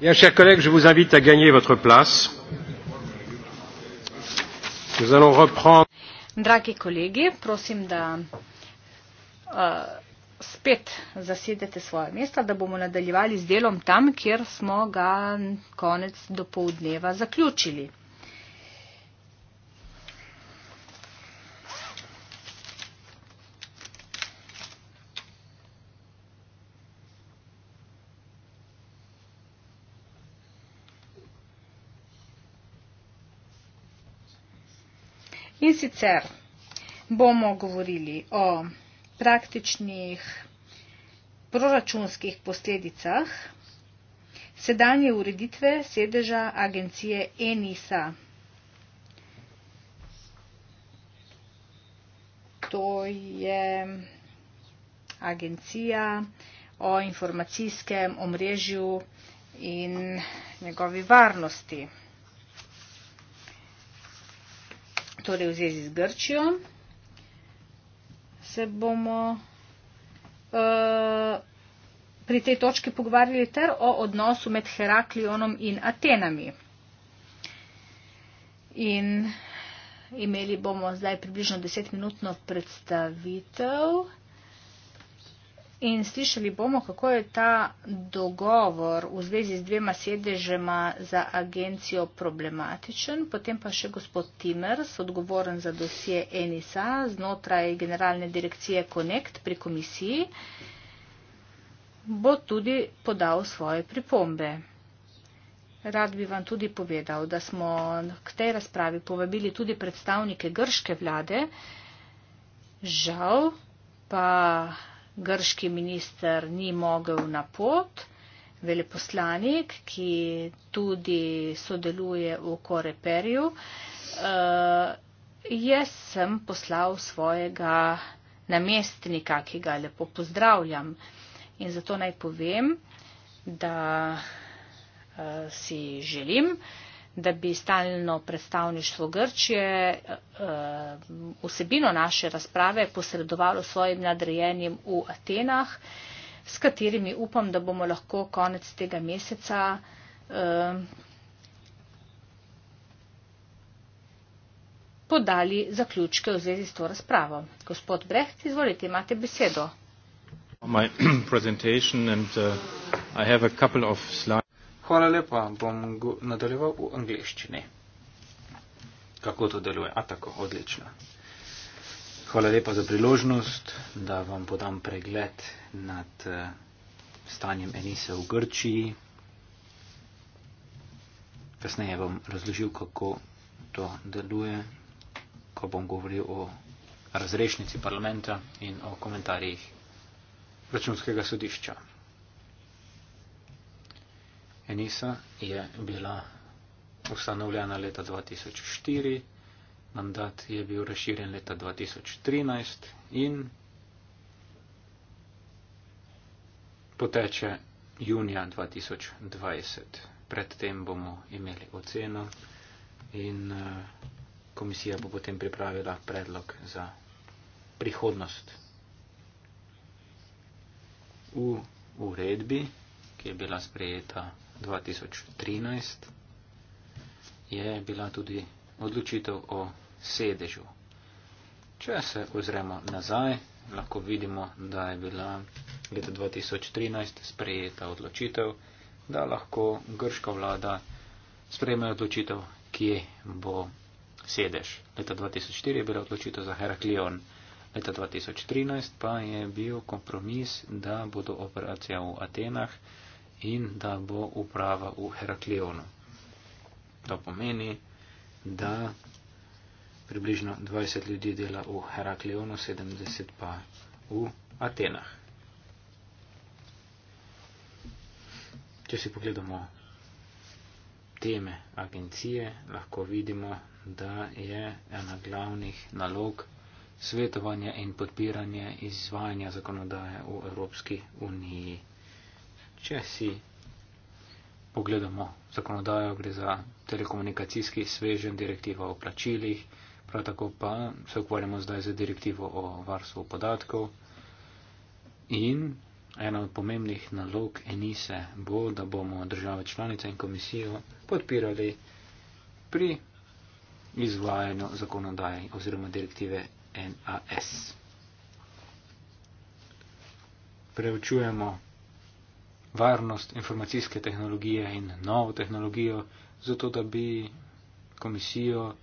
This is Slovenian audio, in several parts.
Bien, chers collègues, je vous invite à gagner votre place. Nous allons reprendre. Dragi kolegi, prosim da uh, spet zasedete svoje mesta, da bomo nadaljevali z delom tam, kjer smo ga konec dopoldneva zaključili. sicer bomo govorili o praktičnih proračunskih posledicah sedanje ureditve sedeža agencije ENISA. To je agencija o informacijskem omrežju in njegovi varnosti. torej v zvezi z Grčijo, se bomo uh, pri tej točki pogovarjali ter o odnosu med Heraklionom in Atenami. In imeli bomo zdaj približno desetminutno predstavitev in slišali bomo, kako je ta dogovor v zvezi z dvema sedežema za agencijo problematičen, potem pa še gospod Timers, odgovoren za dosje Enisa znotraj generalne direkcije Connect pri komisiji, bo tudi podal svoje pripombe. Rad bi vam tudi povedal, da smo k tej razpravi povabili tudi predstavnike grške vlade. Žal pa grški minister ni mogel na pot, veleposlanik, ki tudi sodeluje v Koreperju, eh, jaz sem poslal svojega namestnika, ki ga lepo pozdravljam. In zato naj povem, da eh, si želim, da da bi stalno predstavništvo Grčije eh, vsebino naše razprave posredovalo svojim nadrejenim v Atenah, s katerimi upam, da bomo lahko konec tega meseca eh, podali zaključke v zvezi s to razpravo. Gospod Brecht, izvolite, imate besedo. Hvala lepa, bom nadaljeval v angliščini. Kako to deluje? A tako, odlično. Hvala lepa za priložnost, da vam podam pregled nad stanjem Enise v Grčiji. Kasneje bom razložil, kako to deluje, ko bom govoril o razrešnici parlamenta in o komentarjih računskega sodišča. Enisa je bila ustanovljena leta 2004, mandat je bil razširjen leta 2013 in poteče junija 2020. Predtem bomo imeli oceno in eh, komisija bo potem pripravila predlog za prihodnost. V uredbi, ki je bila sprejeta 2013 je bila tudi odločitev o sedežu. Če se ozremo nazaj, lahko vidimo, da je bila leta 2013 sprejeta odločitev, da lahko grška vlada sprejme odločitev, kje bo sedež. Leta 2004 je bila odločitev za Heraklion, leta 2013 pa je bil kompromis, da bodo operacija v Atenah in da bo uprava v Herakleonu. To pomeni, da približno 20 ljudi dela v Herakleonu, 70 pa v Atenah. Če si pogledamo teme agencije, lahko vidimo, da je ena glavnih nalog svetovanje in podpiranje izvajanja zakonodaje v Evropski uniji. Če si pogledamo zakonodajo, gre za telekomunikacijski svežen direktivo o plačilih, prav tako pa se ukvarjamo zdaj z direktivo o varstvu podatkov. In ena od pomembnih nalog Enise bo, da bomo države članice in komisijo podpirali pri izvajanju zakonodaje oziroma direktive NAS. Preučujemo varnost informacijske tehnologije in novo tehnologijo, zato da bi komisijo,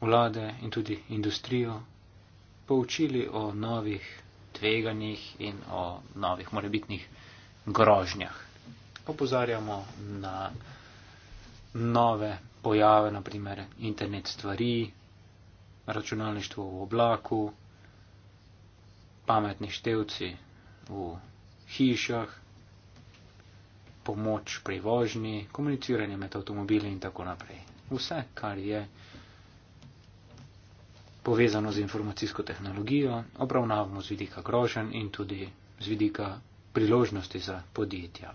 vlade in tudi industrijo poučili o novih tveganjih in o novih morebitnih grožnjah. Opozarjamo na nove pojave, naprimer internet stvari, računalništvo v oblaku, pametni števci v hišah, pomoč pri vožnji, komuniciranje med avtomobili in tako naprej. Vse, kar je povezano z informacijsko tehnologijo, obravnavamo z vidika grožen in tudi z vidika priložnosti za podjetja.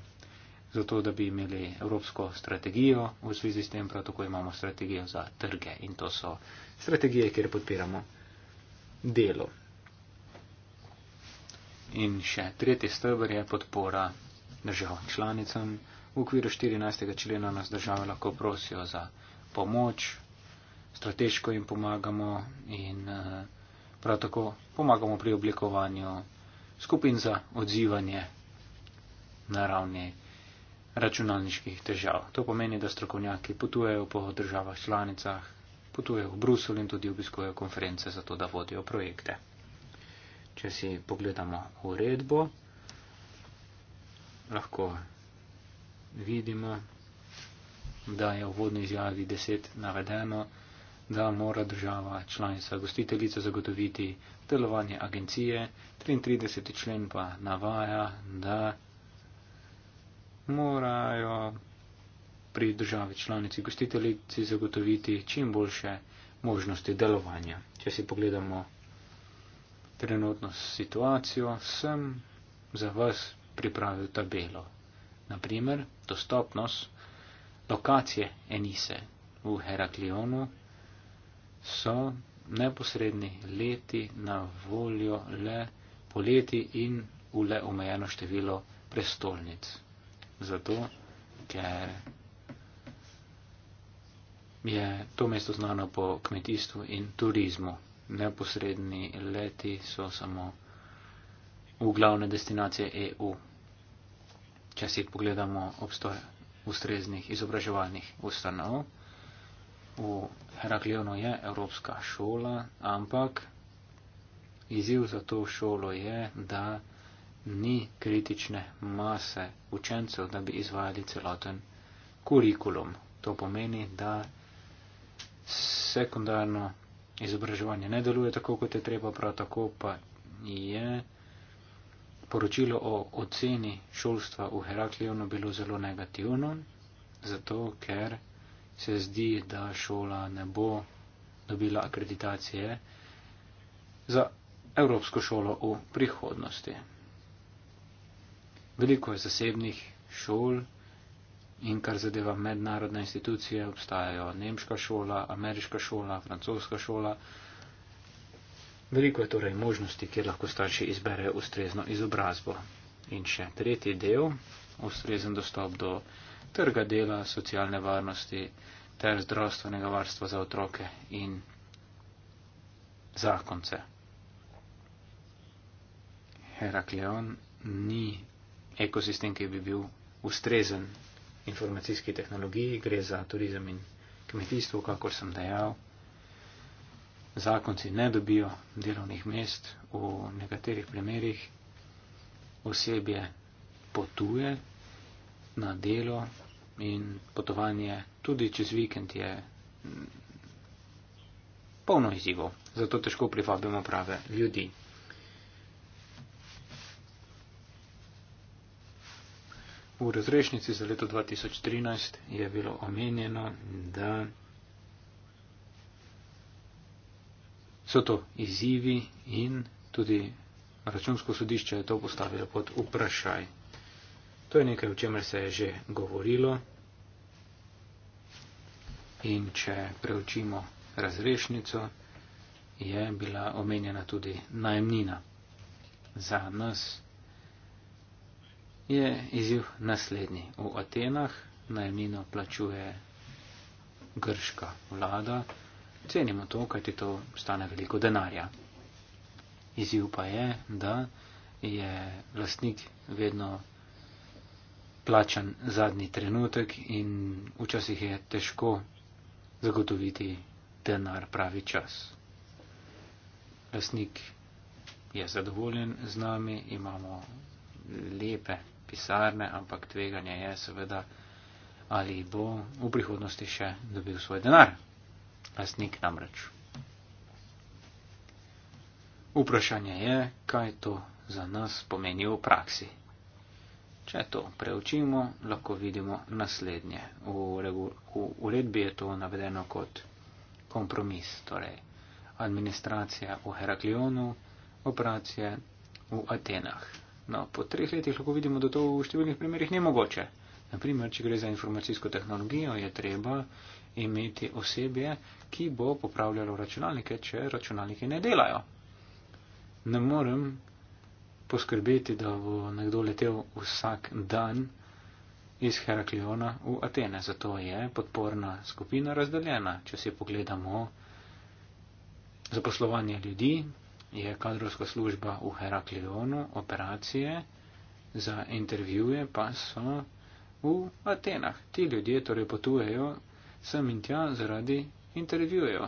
Zato, da bi imeli evropsko strategijo v zvezi s tem, prav tako imamo strategijo za trge in to so strategije, kjer podpiramo delo. In še tretji stebr je podpora državam članicam v okviru 14. člena nas države lahko prosijo za pomoč, strateško jim pomagamo in eh, prav tako pomagamo pri oblikovanju skupin za odzivanje na ravni računalniških težav. To pomeni, da strokovnjaki potujejo po državah članicah, potujejo v Bruselj in tudi obiskujejo konference za to, da vodijo projekte. Če si pogledamo uredbo, lahko vidimo, da je v vodni izjavi 10 navedeno, da mora država članica gostiteljica zagotoviti delovanje agencije. 33. člen pa navaja, da morajo pri državi članici gostiteljici zagotoviti čim boljše možnosti delovanja. Če si pogledamo trenutno situacijo, sem za vas pripravil tabelo. Naprimer, dostopnost lokacije Enise v Herakleonu so neposredni leti na voljo le poleti in v le omejeno število prestolnic. Zato, ker je to mesto znano po kmetijstvu in turizmu. Neposredni leti so samo v glavne destinacije EU, če si pogledamo obstoj ustreznih izobraževalnih ustanov. V Heraklionu je Evropska šola, ampak izziv za to šolo je, da ni kritične mase učencev, da bi izvajali celoten kurikulum. To pomeni, da sekundarno izobraževanje ne deluje tako, kot je treba, prav tako pa je. Yeah poročilo o oceni šolstva v Herakleonu bilo zelo negativno, zato ker se zdi, da šola ne bo dobila akreditacije za evropsko šolo v prihodnosti. Veliko je zasebnih šol in kar zadeva mednarodne institucije, obstajajo nemška šola, ameriška šola, francoska šola, Veliko je torej možnosti, kjer lahko starši izberejo ustrezno izobrazbo. In še tretji del, ustrezen dostop do trga dela, socialne varnosti ter zdravstvenega varstva za otroke in zakonce. Herakleon ni ekosistem, ki bi bil ustrezen informacijski tehnologiji, gre za turizem in kmetijstvo, kakor sem dejal zakonci ne dobijo delovnih mest, v nekaterih primerjih osebje potuje na delo in potovanje tudi čez vikend je mm, polno izzivov, zato težko privabimo prave ljudi. V razrešnici za leto 2013 je bilo omenjeno, da so to izzivi in tudi računsko sodišče je to postavilo pod vprašaj. To je nekaj, o čemer se je že govorilo. In če preučimo razrešnico, je bila omenjena tudi najemnina. Za nas je izziv naslednji. V Atenah najemnino plačuje grška vlada cenimo to, kaj ti to stane veliko denarja. Izjiv pa je, da je lastnik vedno plačan zadnji trenutek in včasih je težko zagotoviti denar pravi čas. Lastnik je zadovoljen z nami, imamo lepe pisarne, ampak tveganje je seveda, ali bo v prihodnosti še dobil svoj denar lasnik namreč. Vprašanje je, kaj to za nas pomeni v praksi. Če to preučimo, lahko vidimo naslednje. V uredbi je to navedeno kot kompromis, torej administracija v Heraklionu, operacije v Atenah. No, po treh letih lahko vidimo, da to v številnih primerjih ni mogoče. Naprimer, če gre za informacijsko tehnologijo, je treba imeti osebje, ki bo popravljalo računalnike, če računalniki ne delajo. Ne morem poskrbeti, da bo nekdo letel vsak dan iz Herakliona v Atene. Zato je podporna skupina razdeljena. Če si pogledamo zaposlovanje ljudi, je kadrovska služba v Herakleonu, operacije za intervjuje pa so v Atenah. Ti ljudje torej potujejo sem in tja zaradi intervjujev.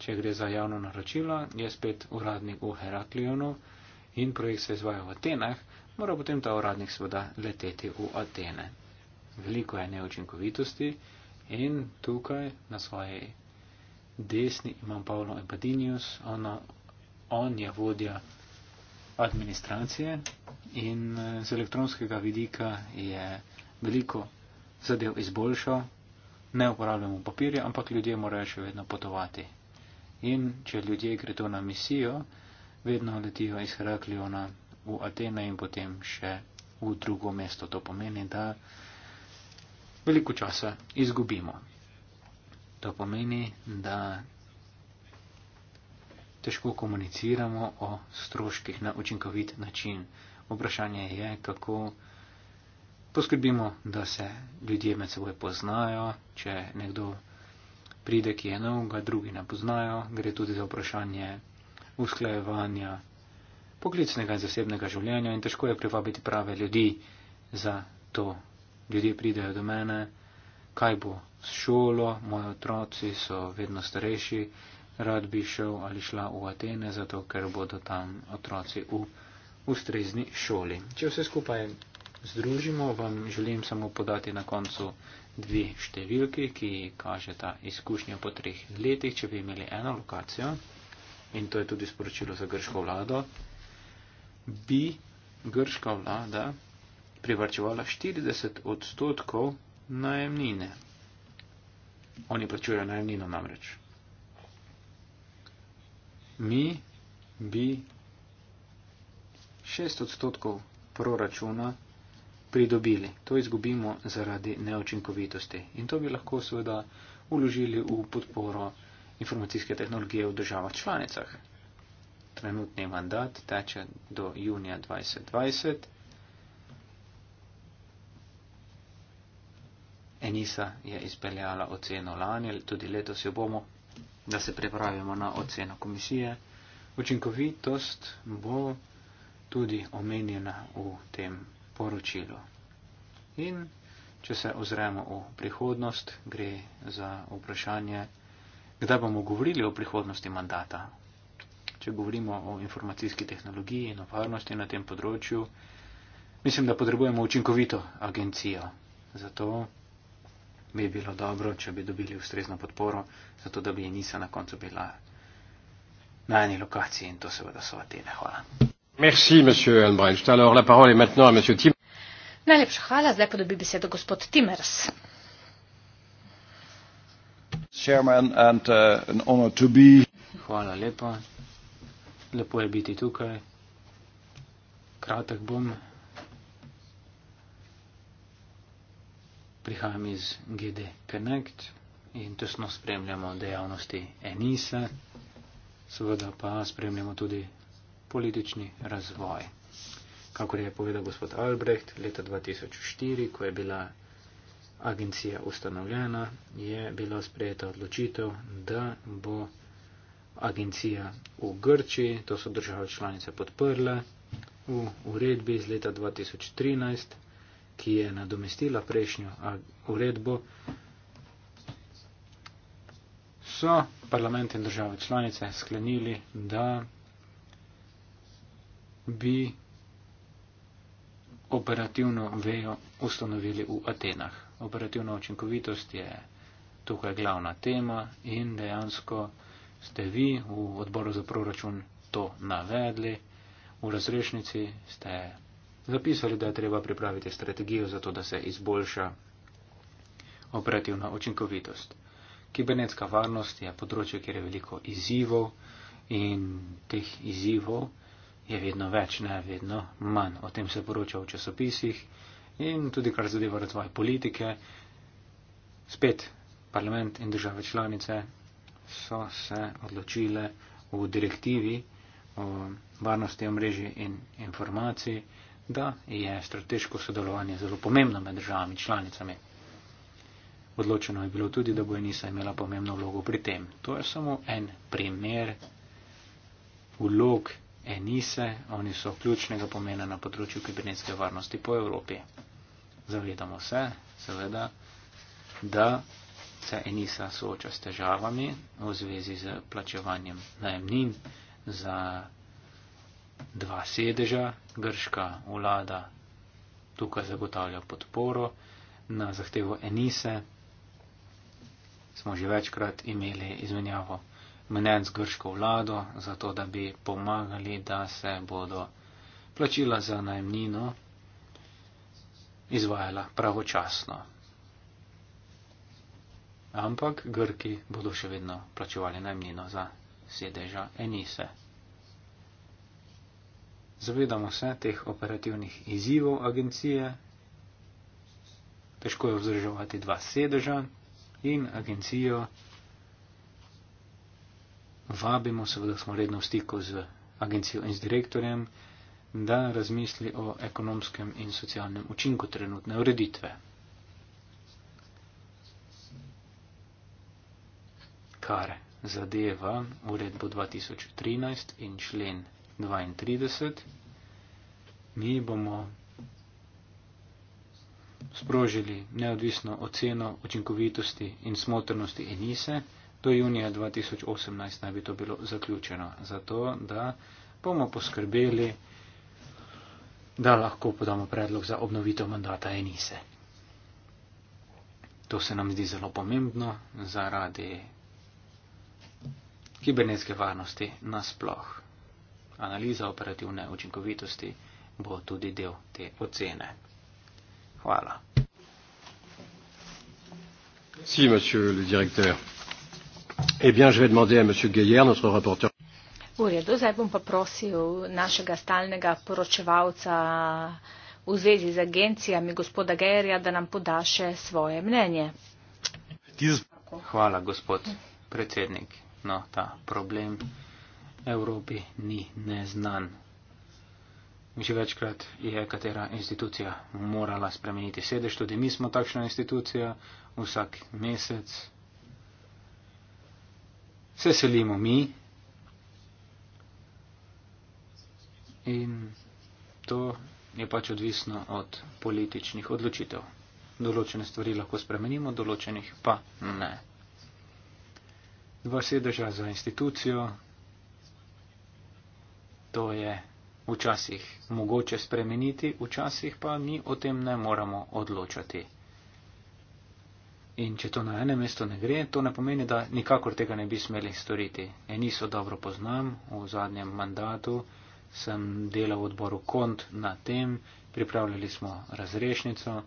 Če gre za javno naročilo, je spet uradnik v Heraklionu in projekt se izvaja v Atenah, mora potem ta uradnik seveda leteti v Atene. Veliko je neočinkovitosti in tukaj na svoji desni imam Pavlo Epadinius, ono, on je vodja administracije in eh, z elektronskega vidika je veliko zadev izboljšal, ne uporabljamo papirja, ampak ljudje morajo še vedno potovati. In če ljudje gredo na misijo, vedno letijo iz Herakliona v Atene in potem še v drugo mesto. To pomeni, da veliko časa izgubimo. To pomeni, da težko komuniciramo o stroških na učinkovit način. Vprašanje je, kako. Poskrbimo, da se ljudje med seboj poznajo, če nekdo pride, ki je nov, ga drugi ne poznajo. Gre tudi za vprašanje usklajevanja poklicnega in zasebnega življenja in težko je privabiti prave ljudi za to. Ljudje pridejo do mene, kaj bo s šolo, moji otroci so vedno starejši, rad bi šel ali šla v Atene, zato ker bodo tam otroci v ustrezni šoli. Če vse skupaj združimo, vam želim samo podati na koncu dve številki, ki kaže ta izkušnjo po treh letih, če bi imeli eno lokacijo, in to je tudi sporočilo za grško vlado, bi grška vlada privarčevala 40 odstotkov najemnine. Oni plačujejo najemnino namreč. Mi bi 6 odstotkov proračuna pridobili. To izgubimo zaradi neočinkovitosti. In to bi lahko seveda uložili v podporo informacijske tehnologije v državah članicah. Trenutni mandat teče do junija 2020. Enisa je izpeljala oceno lani, tudi letos jo bomo, da se pripravimo na oceno komisije. Učinkovitost bo tudi omenjena v tem poročilo. In če se ozremo v prihodnost, gre za vprašanje, kdaj bomo govorili o prihodnosti mandata. Če govorimo o informacijski tehnologiji in o varnosti na tem področju, mislim, da potrebujemo učinkovito agencijo. Zato bi bilo dobro, če bi dobili ustrezno podporo, zato da bi Enisa na koncu bila na eni lokaciji in to seveda so Atene. Hvala. Merci, monsieur Elmbrecht. Alors, la parole est maintenant à monsieur Timmers. Najlepša hvala, zdaj pa dobi besedo gospod Timmers. Chairman and uh, an honor to be. Hvala lepa. Lepo je biti tukaj. Kratek bom. Prihajam iz GD Connect in tesno spremljamo dejavnosti ENISA, seveda pa spremljamo tudi politični razvoj. Kakor je povedal gospod Albrecht, leta 2004, ko je bila agencija ustanovljena, je bila sprejeta odločitev, da bo agencija v Grčiji, to so države članice podprle, v uredbi iz leta 2013, ki je nadomestila prejšnjo uredbo, so parlament in države članice sklenili, da bi operativno vejo ustanovili v Atenah. Operativna učinkovitost je tukaj glavna tema in dejansko ste vi v odboru za proračun to navedli. V razrešnici ste zapisali, da je treba pripraviti strategijo za to, da se izboljša operativna učinkovitost. Kibernetska varnost je področje, kjer je veliko izzivov in teh izzivov je vedno več, ne vedno manj. O tem se poroča v časopisih in tudi kar zadeva razvoj politike. Spet parlament in države članice so se odločile v direktivi o varnosti omrežij in informacij, da je strateško sodelovanje zelo pomembno med državami članicami. Odločeno je bilo tudi, da bo Enisa imela pomembno vlogo pri tem. To je samo en primer vlog enise, oni so ključnega pomena na področju kibernetske varnosti po Evropi. Zavedamo se, seveda, da se enisa sooča s težavami v zvezi z plačevanjem najemnin za dva sedeža. Grška vlada tukaj zagotavlja podporo na zahtevo enise. Smo že večkrat imeli izmenjavo mnen z grško vlado, zato da bi pomagali, da se bodo plačila za najmnino izvajala pravočasno. Ampak Grki bodo še vedno plačevali najmnino za sedeža Enise. Zavedamo se teh operativnih izzivov agencije. Težko je vzdrževati dva sedeža in agencijo vabimo, seveda smo redno v stiku z agencijo in z direktorjem, da razmisli o ekonomskem in socialnem učinku trenutne ureditve. Kar zadeva uredbo 2013 in člen 32, mi bomo sprožili neodvisno oceno učinkovitosti in smotrnosti Enise. In do junija 2018 naj bi to bilo zaključeno, zato da bomo poskrbeli, da lahko podamo predlog za obnovitev mandata Enise. To se nam zdi zelo pomembno zaradi kibernetske varnosti nasploh. Analiza operativne učinkovitosti bo tudi del te ocene. Hvala. Merci, monsieur le directeur. Eh bien, je vais demander à Monsieur Gaillard, notre rapporteur. V redu, zdaj bom pa prosil našega stalnega poročevalca v zvezi z agencijami, gospoda Gerja, da nam poda še svoje mnenje. Hvala, gospod predsednik. No, ta problem Evropi ni neznan. Že večkrat je katera institucija morala spremeniti sedež, tudi mi smo takšna institucija, vsak mesec se selimo mi in to je pač odvisno od političnih odločitev. Določene stvari lahko spremenimo, določenih pa ne. Dva sedeža za institucijo, to je včasih mogoče spremeniti, včasih pa mi o tem ne moramo odločati. In če to na enem mestu ne gre, to ne pomeni, da nikakor tega ne bi smeli storiti. Eniso dobro poznam, v zadnjem mandatu sem delal v odboru kont na tem, pripravljali smo razrešnico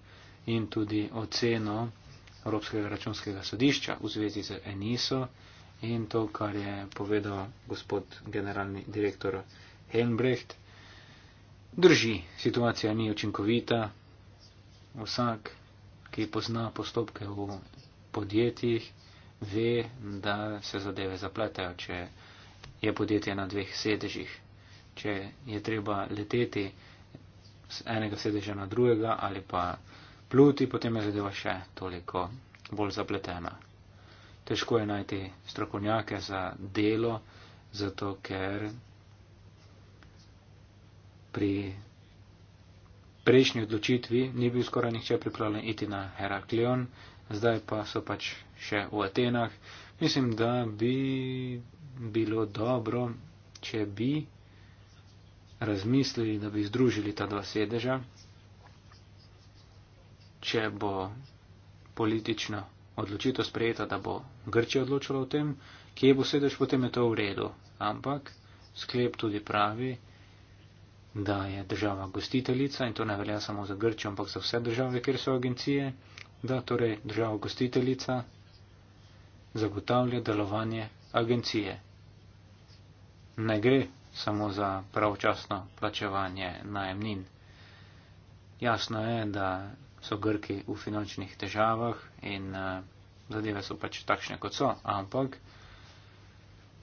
in tudi oceno Evropskega računskega sodišča v zvezi z Eniso in to, kar je povedal gospod generalni direktor Helmbrecht. Drži, situacija ni učinkovita, vsak ki pozna postopke v podjetjih, ve, da se zadeve zapletajo, če je podjetje na dveh sedežih, če je treba leteti z enega sedeža na drugega ali pa pluti, potem je zadeva še toliko bolj zapletena. Težko je najti strokovnjake za delo, zato ker pri prejšnji odločitvi ni bil skoraj nihče pripravljen iti na Heraklion, zdaj pa so pač še v Atenah. Mislim, da bi bilo dobro, če bi razmislili, da bi združili ta dva sedeža, če bo politična odločitev sprejeta, da bo Grčija odločila o tem, kje bo sedež, potem je to v redu. Ampak sklep tudi pravi, da je država gostiteljica in to ne velja samo za Grčijo, ampak za vse države, kjer so agencije, da torej država gostiteljica zagotavlja delovanje agencije. Ne gre samo za pravočasno plačevanje najemnin. Jasno je, da so Grki v finančnih težavah in eh, zadeve so pač takšne, kot so, ampak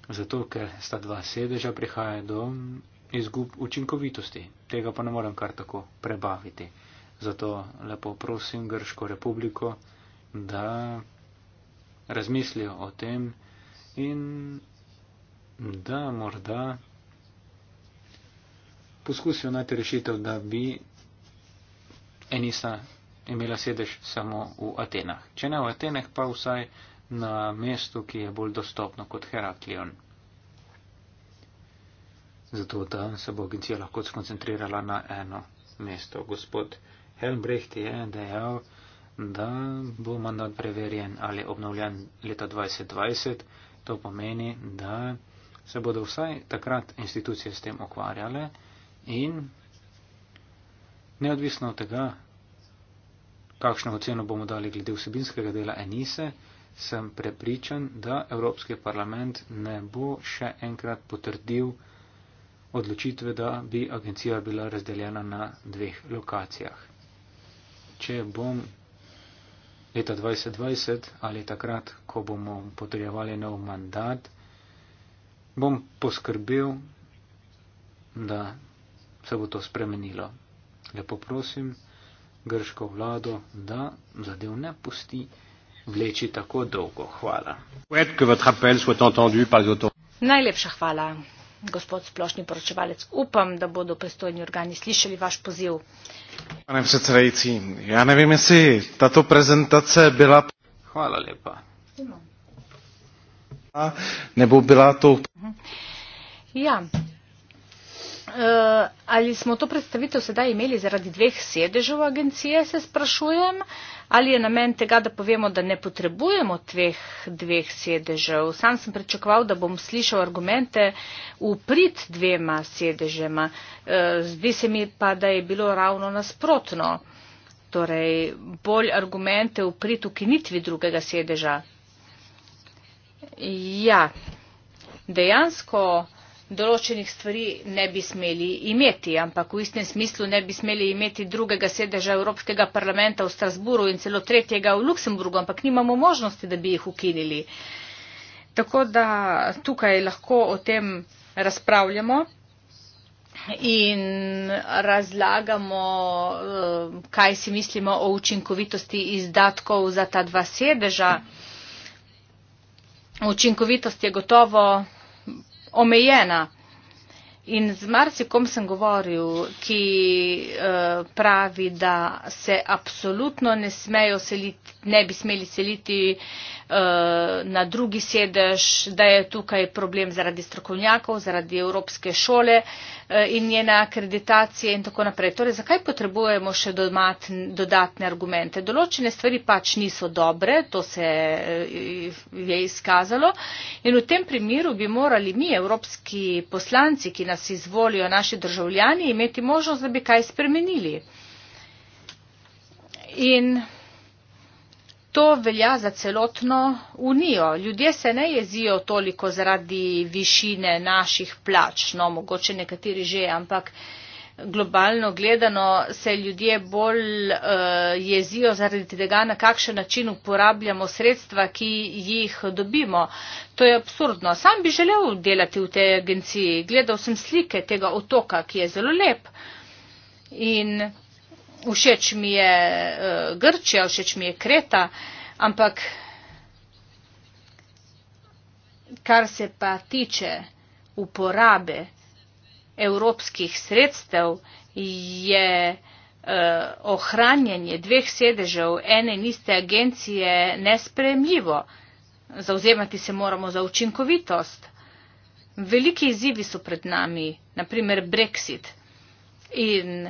zato, ker sta dva sedeža, prihaja do izgub učinkovitosti. Tega pa ne morem kar tako prebaviti. Zato lepo prosim Grško republiko, da razmislijo o tem in da morda poskusijo najti rešitev, da bi Enisa imela sedež samo v Atenah. Če ne v Atenah, pa vsaj na mestu, ki je bolj dostopno kot Heraklion zato da se bo agencija lahko skoncentrirala na eno mesto. Gospod Helmbrecht je dejal, da bo mandat preverjen ali obnovljen leta 2020. To pomeni, da se bodo vsaj takrat institucije s tem ukvarjale in neodvisno od tega, kakšno oceno bomo dali glede vsebinskega dela Enise, sem prepričan, da Evropski parlament ne bo še enkrat potrdil, odločitve, da bi agencija bila razdeljena na dveh lokacijah. Če bom leta 2020 ali takrat, ko bomo potrjevali nov mandat, bom poskrbel, da se bo to spremenilo. Lepo prosim grško vlado, da zadev ne pusti vleči tako dolgo. Hvala. Najlepša hvala gospod splošni poročevalec. Upam, da bodo pristojni organi slišali vaš poziv. Pane predsedajci, ja ne vem, jestli tato prezentace byla... Hvala lepa. Nebo byla to... Ja, Uh, ali smo to predstavitev sedaj imeli zaradi dveh sedežev agencije, se sprašujem, ali je namen tega, da povemo, da ne potrebujemo tveh, dveh sedežev. Sam sem pričakoval, da bom slišal argumente v prid dvema sedežema. Uh, zdi se mi pa, da je bilo ravno nasprotno, torej bolj argumente v prid ukinitvi drugega sedeža. Ja, dejansko določenih stvari ne bi smeli imeti, ampak v istem smislu ne bi smeli imeti drugega sedeža Evropskega parlamenta v Strasburu in celo tretjega v Luksemburgu, ampak nimamo možnosti, da bi jih ukinili. Tako da tukaj lahko o tem razpravljamo in razlagamo, eh, kaj si mislimo o učinkovitosti izdatkov za ta dva sedeža. Učinkovitost je gotovo omejena. In z marsikom sem govoril, ki eh, pravi, da se absolutno ne, seliti, ne bi smeli seliti Eh, na drugi sedež, da je tukaj problem zaradi strokovnjakov, zaradi Evropske šole eh, in njene akreditacije in tako naprej. Torej, zakaj potrebujemo še dodatne argumente? Določene stvari pač niso dobre, to se eh, je izkazalo in v tem primeru bi morali mi, evropski poslanci, ki nas izvolijo, naši državljani, imeti možnost, da bi kaj spremenili. In To velja za celotno unijo. Ljudje se ne jezijo toliko zaradi višine naših plač, no mogoče nekateri že, ampak globalno gledano se ljudje bolj uh, jezijo zaradi tega, na kakšen način uporabljamo sredstva, ki jih dobimo. To je absurdno. Sam bi želel delati v tej agenciji. Gledal sem slike tega otoka, ki je zelo lep. In všeč mi je eh, Grčija, všeč mi je Kreta, ampak kar se pa tiče uporabe evropskih sredstev, je eh, ohranjanje dveh sedežev ene in iste agencije nesprejemljivo. Zauzemati se moramo za učinkovitost. Veliki izzivi so pred nami, na primer Brexit. In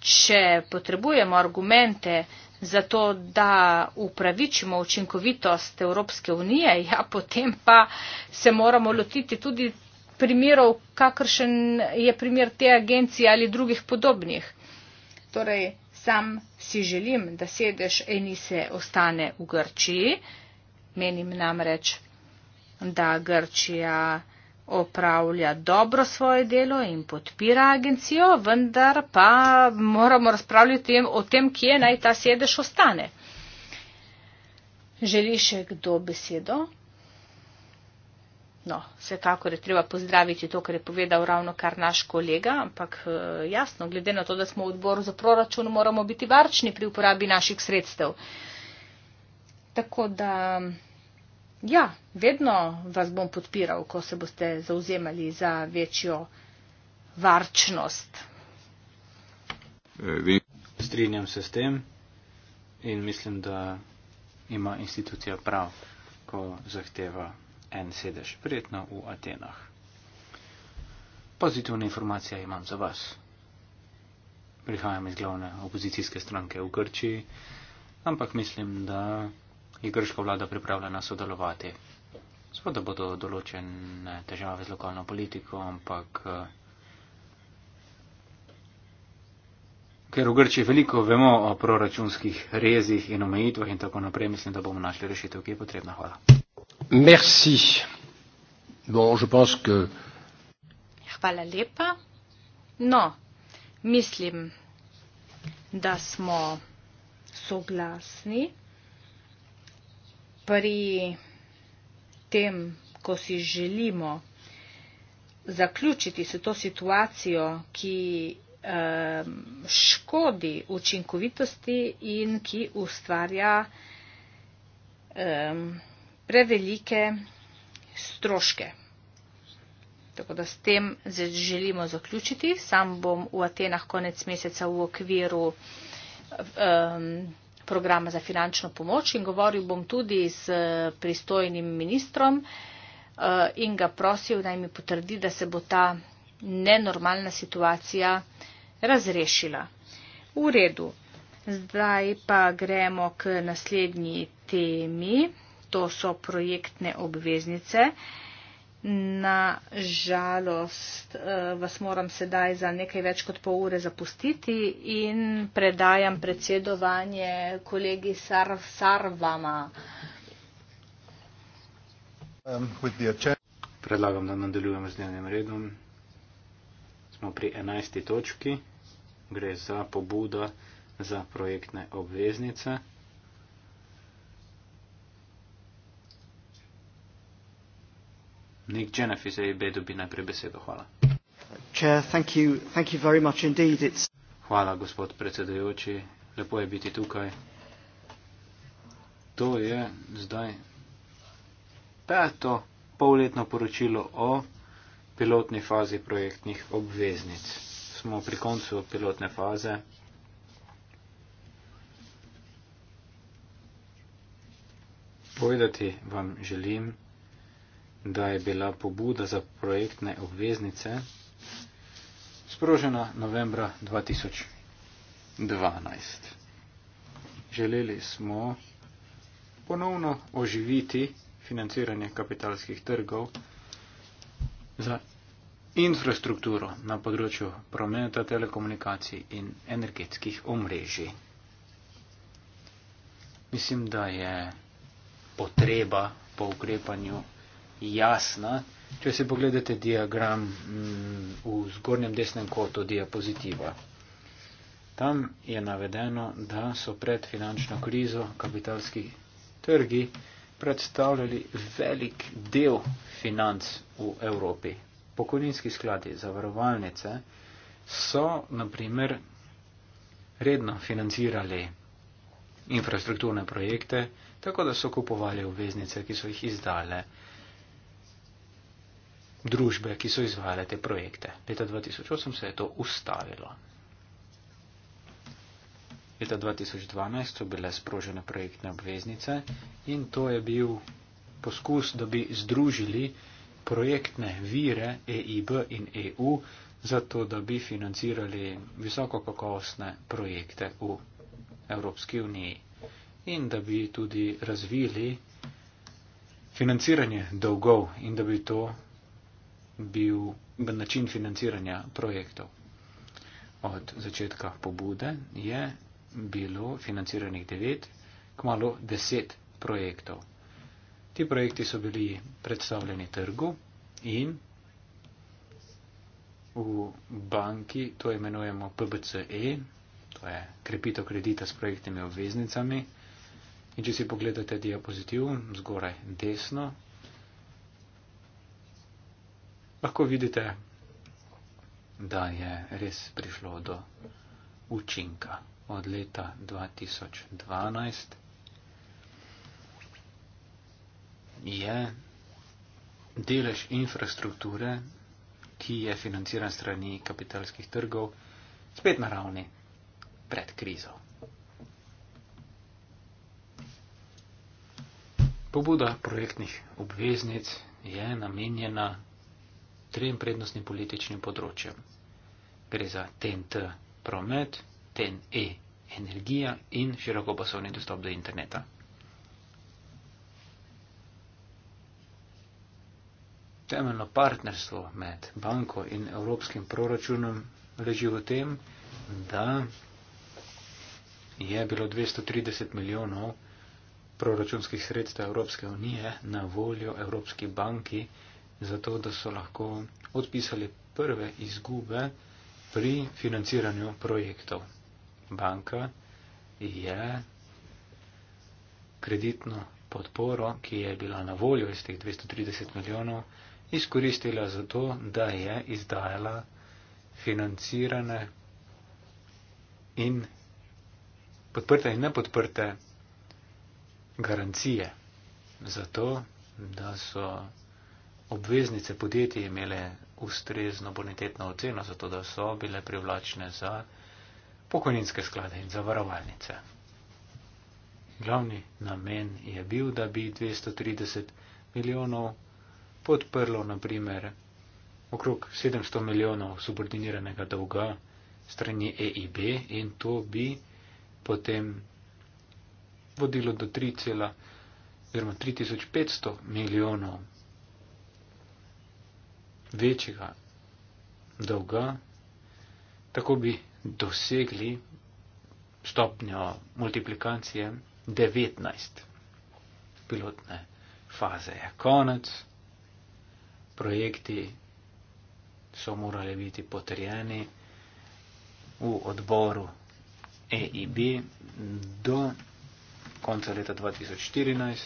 če potrebujemo argumente za to, da upravičimo učinkovitost Evropske unije, ja, potem pa se moramo lotiti tudi primerov, kakršen je primer te agencije ali drugih podobnih. Torej, sam si želim, da sedež Enise ostane v Grčiji. Menim namreč, da Grčija opravlja dobro svoje delo in podpira agencijo, vendar pa moramo razpravljati o tem, kje naj ta sedež ostane. Želi še kdo besedo? No, vsekakor je treba pozdraviti to, kar je povedal ravno kar naš kolega, ampak eh, jasno, glede na to, da smo v odboru za proračun, moramo biti varčni pri uporabi naših sredstev. Tako da. Ja, vedno vas bom podpiral, ko se boste zauzemali za večjo varčnost. Eh, Strinjam se s tem in mislim, da ima institucija prav, ko zahteva en sedež. Prijetno v Atenah. Pozitivna informacija imam za vas. Prihajam iz glavne opozicijske stranke v Grčiji, ampak mislim, da je grška vlada pripravljena sodelovati. Seveda bodo določene težave z lokalno politiko, ampak eh, ker v Grči veliko vemo o proračunskih rezih in omejitvah in tako naprej, mislim, da bomo našli rešitev, ki je potrebna. Hvala. Merci. Bon, je pense, que... Hvala lepa. No, mislim, da smo soglasni pri tem, ko si želimo zaključiti se to situacijo, ki ehm, škodi učinkovitosti in ki ustvarja um, prevelike stroške. Tako da s tem želimo zaključiti. Sam bom v Atenah konec meseca v okviru um, programa za finančno pomoč in govoril bom tudi s pristojnim ministrom eh, in ga prosil, naj mi potrdi, da se bo ta nenormalna situacija razrešila. V redu. Zdaj pa gremo k naslednji temi. To so projektne obveznice. Uh, Na žalost eh, vas moram sedaj za nekaj več kot pol ure zapustiti in predajam predsedovanje kolegi Sar Sarvama. Um, Predlagam, da nadaljujemo z dnevnim redom. Smo pri 11. točki. Gre za pobuda za projektne obveznice. Nick Jenef iz AIB dobi najprej besedo. Hvala. Chair, thank you. Thank you very much Hvala, gospod predsedajoči. Lepo je biti tukaj. To je zdaj peto polletno poročilo o pilotni fazi projektnih obveznic. Smo pri koncu pilotne faze. Povedati vam želim, da je bila pobuda za projektne obveznice sprožena novembra 2012. Želeli smo ponovno oživiti financiranje kapitalskih trgov za infrastrukturo na področju prometa, telekomunikacij in energetskih omrežij. Mislim, da je potreba po ukrepanju jasna. Če si pogledate diagram mm, v zgornjem desnem kotu diapozitiva, tam je navedeno, da so pred finančno krizo kapitalski trgi predstavljali velik del financ v Evropi. Pokojninski skladi, zavarovalnice so naprimer redno financirali infrastrukturne projekte, tako da so kupovali obveznice, ki so jih izdale družbe, ki so izvajale te projekte. Leta 2008 se je to ustavilo. Leta 2012 so bile sprožene projektne obveznice in to je bil poskus, da bi združili projektne vire EIB in EU, zato da bi financirali visokokakovostne projekte v Evropski uniji in da bi tudi razvili financiranje dolgov in da bi to bil način financiranja projektov. Od začetka pobude je bilo financiranih devet, kmalo deset projektov. Ti projekti so bili predstavljeni trgu in v banki, to imenujemo PBCE, to je krepitev kredita s projektnimi obveznicami. In če si pogledate diapozitiv zgoraj desno, lahko vidite, da je res prišlo do učinka od leta 2012. Je delež infrastrukture, ki je financiran strani kapitalskih trgov, spet na ravni pred krizo. Pobuda projektnih obveznic je namenjena trim prednostnim političnim področjem. Gre za TNT promet, TNE energija in širokopasovni dostop do interneta. Temeljno partnerstvo med banko in evropskim proračunom leži v tem, da je bilo 230 milijonov proračunskih sredstev Evropske unije na voljo Evropski banki zato da so lahko odpisali prve izgube pri financiranju projektov. Banka je kreditno podporo, ki je bila na voljo iz teh 230 milijonov, izkoristila zato, da je izdajala financirane in podprte in nepodprte garancije za to, da so obveznice podjetij imele ustrezno bonitetno oceno, zato da so bile privlačne za pokojninske sklade in za varovalnice. Glavni namen je bil, da bi 230 milijonov podprlo, naprimer, okrog 700 milijonov subordiniranega dolga strani EIB in to bi potem vodilo do 3,500 milijonov večjega dolga, tako bi dosegli stopnjo multiplikacije 19. Pilotne faze je konec, projekti so morali biti potrjeni v odboru EIB do konca leta 2014.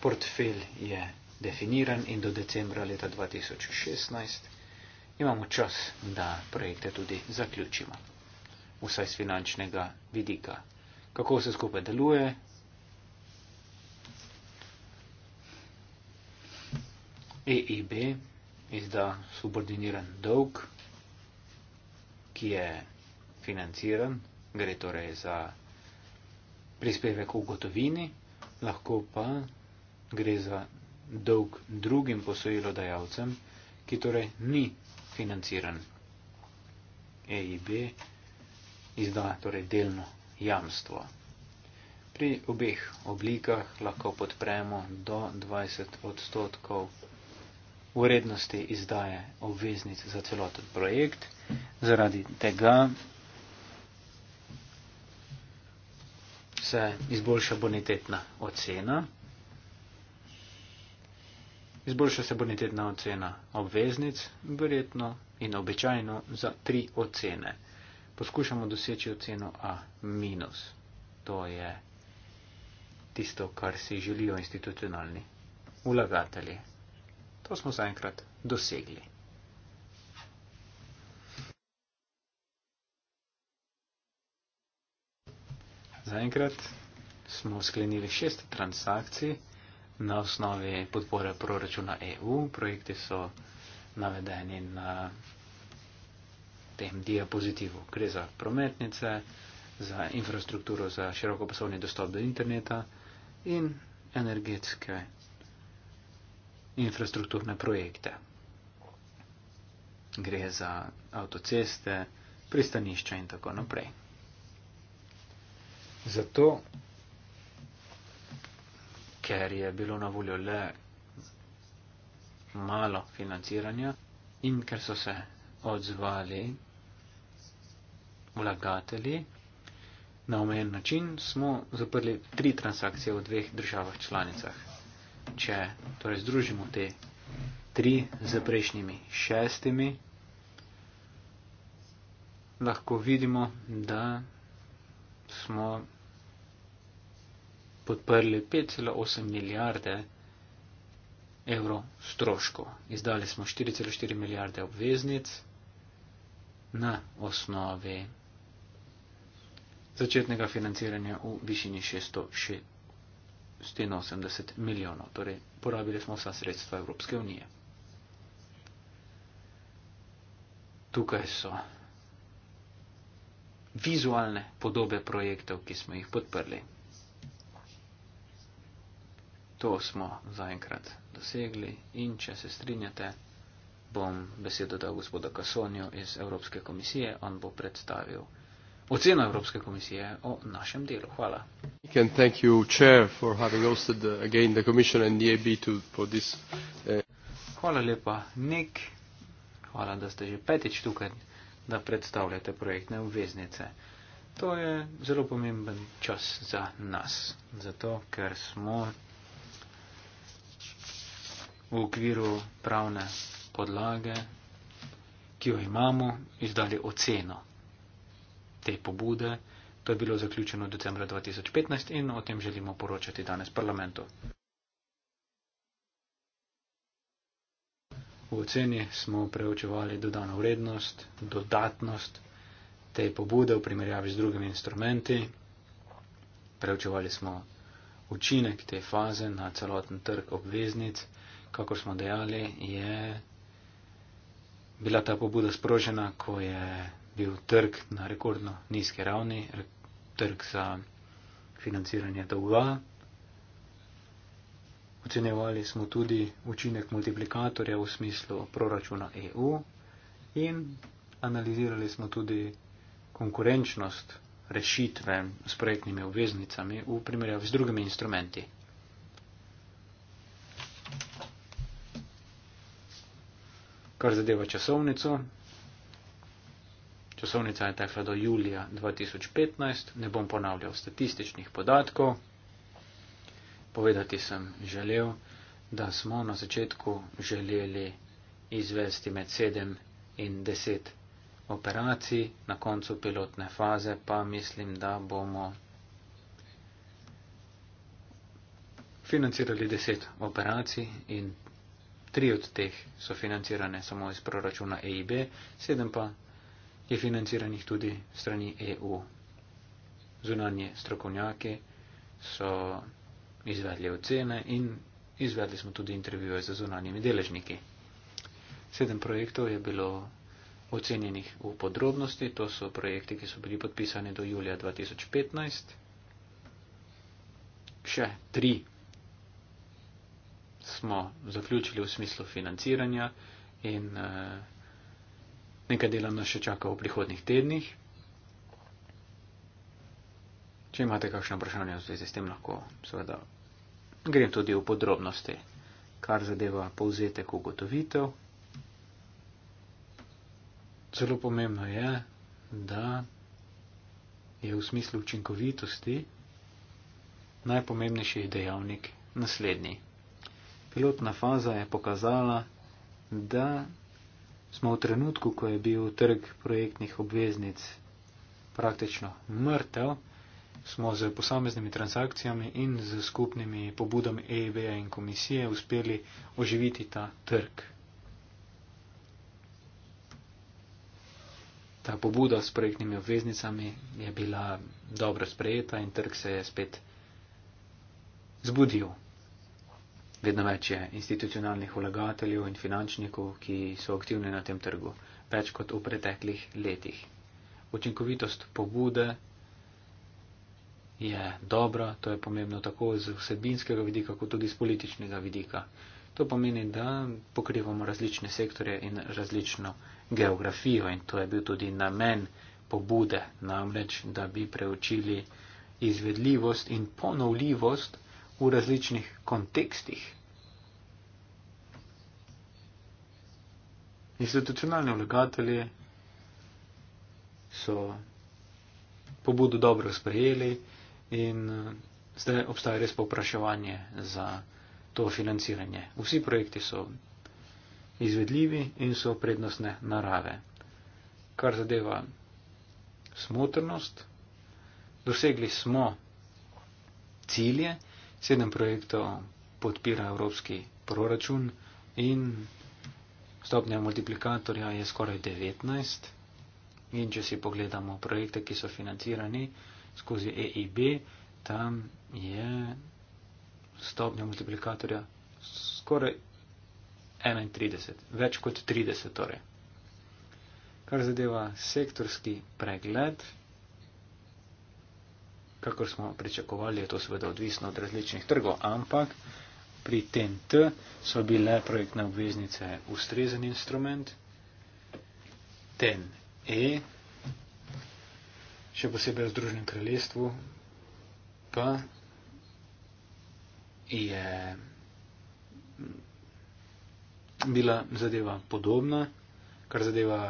Portfelj je definiran in do decembra leta 2016 imamo čas, da projekte tudi zaključimo. Vsaj z finančnega vidika. Kako se skupaj deluje? EIB izda subordiniran dolg, ki je financiran, gre torej za prispevek v gotovini, lahko pa gre za dolg drugim posojilodajalcem, ki torej ni financiran. EIB izda torej delno jamstvo. Pri obeh oblikah lahko podpremo do 20 odstotkov vrednosti izdaje obveznic za celoten projekt. Zaradi tega se izboljša bonitetna ocena. Izboljša se bonitetna ocena obveznic, verjetno in običajno za tri ocene. Poskušamo doseči oceno A-. To je tisto, kar si želijo institucionalni vlagatelji. To smo zaenkrat dosegli. Zaenkrat smo sklenili šest transakcij na osnovi podpore proračuna EU. Projekti so navedeni na tem diapozitivu. Gre za prometnice, za infrastrukturo za široko poslovni dostop do interneta in energetske infrastrukturne projekte. Gre za avtoceste, pristanišča in tako naprej. Zato ker je bilo na voljo le malo financiranja in ker so se odzvali vlagatelji. Na omejen način smo zaprli tri transakcije v dveh državah članicah. Če torej združimo te tri z prejšnjimi šestimi, lahko vidimo, da smo podprli 5,8 milijarde evrov stroškov. Izdali smo 4,4 milijarde obveznic na osnovi začetnega financiranja v višini 680 milijonov. Torej, porabili smo vsa sredstva Evropske unije. Tukaj so vizualne podobe projektov, ki smo jih podprli to smo zaenkrat dosegli in če se strinjate, bom besedo dal gospoda Kasonijo iz Evropske komisije, on bo predstavil oceno Evropske komisije o našem delu. Hvala. Uh, Hvala lepa, Nik. Hvala, da ste že petič tukaj, da predstavljate projektne obveznice. To je zelo pomemben čas za nas, zato ker smo v okviru pravne podlage, ki jo imamo, izdali oceno te pobude. To je bilo zaključeno decembra 2015 in o tem želimo poročati danes parlamentu. V oceni smo preučevali dodano vrednost, dodatnost te pobude v primerjavi z drugimi instrumenti. Preučevali smo učinek te faze na celoten trg obveznic kako smo dejali, je bila ta pobuda sprožena, ko je bil trg na rekordno nizki ravni, trg za financiranje dolga. Ocenevali smo tudi učinek multiplikatorja v smislu proračuna EU in analizirali smo tudi konkurenčnost rešitve s projektnimi obveznicami v primerjavi z drugimi instrumenti. Kar zadeva časovnico, časovnica je tekla do julija 2015, ne bom ponavljal statističnih podatkov. Povedati sem želel, da smo na začetku želeli izvesti med 7 in 10 operacij, na koncu pilotne faze pa mislim, da bomo financirali 10 operacij in tri od teh so financirane samo iz proračuna EIB, sedem pa je financiranih tudi strani EU. Zunanje strokovnjake so izvedli ocene in izvedli smo tudi intervjuje z zunanjimi deležniki. Sedem projektov je bilo ocenjenih v podrobnosti, to so projekti, ki so bili podpisani do julija 2015. Še tri smo zaključili v smislu financiranja in uh, nekaj dela nas še čaka v prihodnih tednih. Če imate kakšno vprašanje v zvezi s tem, lahko seveda grem tudi v podrobnosti, kar zadeva povzetek ugotovitev. Zelo pomembno je, da je v smislu učinkovitosti najpomembnejši dejavnik naslednji pilotna faza je pokazala, da smo v trenutku, ko je bil trg projektnih obveznic praktično mrtev, smo z posameznimi transakcijami in z skupnimi pobudami EIB-a in komisije uspeli oživiti ta trg. Ta pobuda s projektnimi obveznicami je bila dobro sprejeta in trg se je spet zbudil. Vedno več je institucionalnih vlagateljev in finančnikov, ki so aktivni na tem trgu, več kot v preteklih letih. Učinkovitost pobude je dobra, to je pomembno tako z vsebinskega vidika, kot tudi z političnega vidika. To pomeni, da pokrivamo različne sektore in različno geografijo in to je bil tudi namen pobude, namreč, da bi preučili izvedljivost in ponovljivost v različnih kontekstih. Institucionalni vlagatelji so pobudo dobro sprejeli in eh, zdaj obstaja res povpraševanje za to financiranje. Vsi projekti so izvedljivi in so prednostne narave. Kar zadeva smotrnost, dosegli smo cilje, sedem projektov podpira evropski proračun in stopnja multiplikatorja je skoraj 19. In če si pogledamo projekte, ki so financirani skozi EIB, tam je stopnja multiplikatorja skoraj 31, več kot 30 torej. Kar zadeva sektorski pregled, kakor smo pričakovali, je to seveda odvisno od različnih trgov, ampak pri TNT so bile projektne obveznice ustrezen instrument, TNE, še posebej v Združenem kraljestvu, pa je bila zadeva podobna, kar zadeva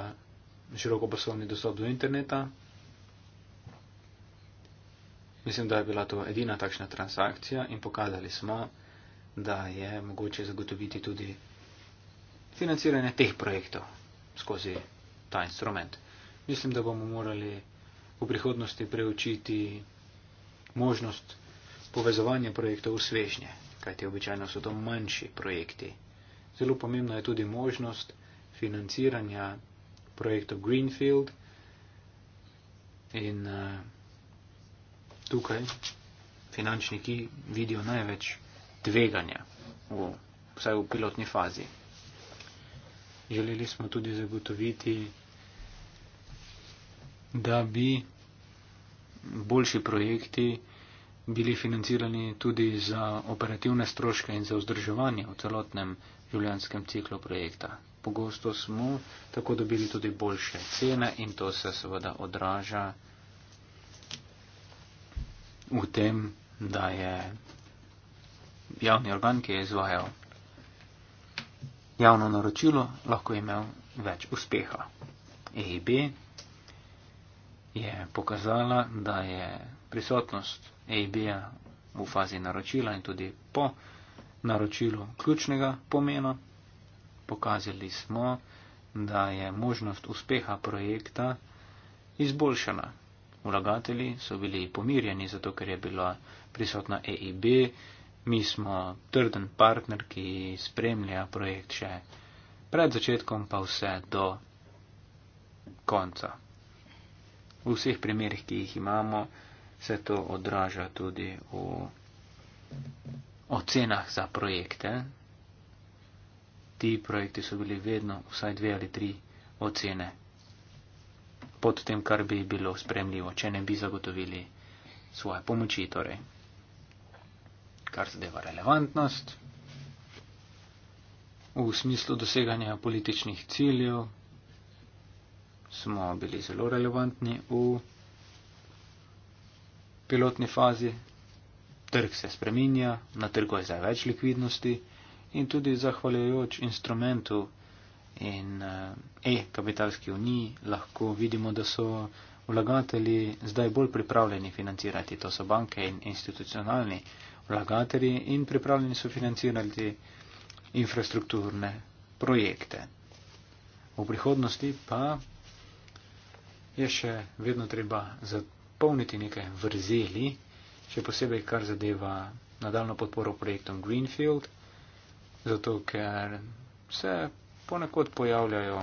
široko poslovni dostop do interneta, Mislim, da je bila to edina takšna transakcija in pokazali smo, da je mogoče zagotoviti tudi financiranje teh projektov skozi ta instrument. Mislim, da bomo morali v prihodnosti preučiti možnost povezovanja projektov v svežnje, kajti običajno so to manjši projekti. Zelo pomembna je tudi možnost financiranja projektov Greenfield in uh, tukaj finančniki vidijo največ tveganja, v, vsaj v pilotni fazi. Želeli smo tudi zagotoviti, da bi boljši projekti bili financirani tudi za operativne stroške in za vzdrževanje v celotnem življenskem ciklu projekta. Pogosto smo tako dobili tudi boljše cene in to se seveda odraža v tem, da je javni organ, ki je izvajal javno naročilo, lahko imel več uspeha. EIB je pokazala, da je prisotnost EIB-ja v fazi naročila in tudi po naročilu ključnega pomena. Pokazali smo, da je možnost uspeha projekta izboljšana vlagatelji so bili pomirjeni, zato ker je bila prisotna EIB, mi smo trden partner, ki spremlja projekt še pred začetkom, pa vse do konca. V vseh primerih, ki jih imamo, se to odraža tudi v ocenah za projekte. Ti projekti so bili vedno vsaj dve ali tri ocene pod tem, kar bi bilo spremljivo, če ne bi zagotovili svoje pomoči. Torej, kar zadeva relevantnost v smislu doseganja političnih ciljev, smo bili zelo relevantni v pilotni fazi. Trg se spreminja, na trgu je zdaj več likvidnosti in tudi zahvaljujoč instrumentu in eh, e-kapitalski uniji lahko vidimo, da so vlagatelji zdaj bolj pripravljeni financirati. To so banke in institucionalni vlagatelji in pripravljeni so financirati infrastrukturne projekte. V prihodnosti pa je še vedno treba zapolniti nekaj vrzeli, še posebej kar zadeva nadaljno podporo projektom Greenfield, zato ker se ponekod pojavljajo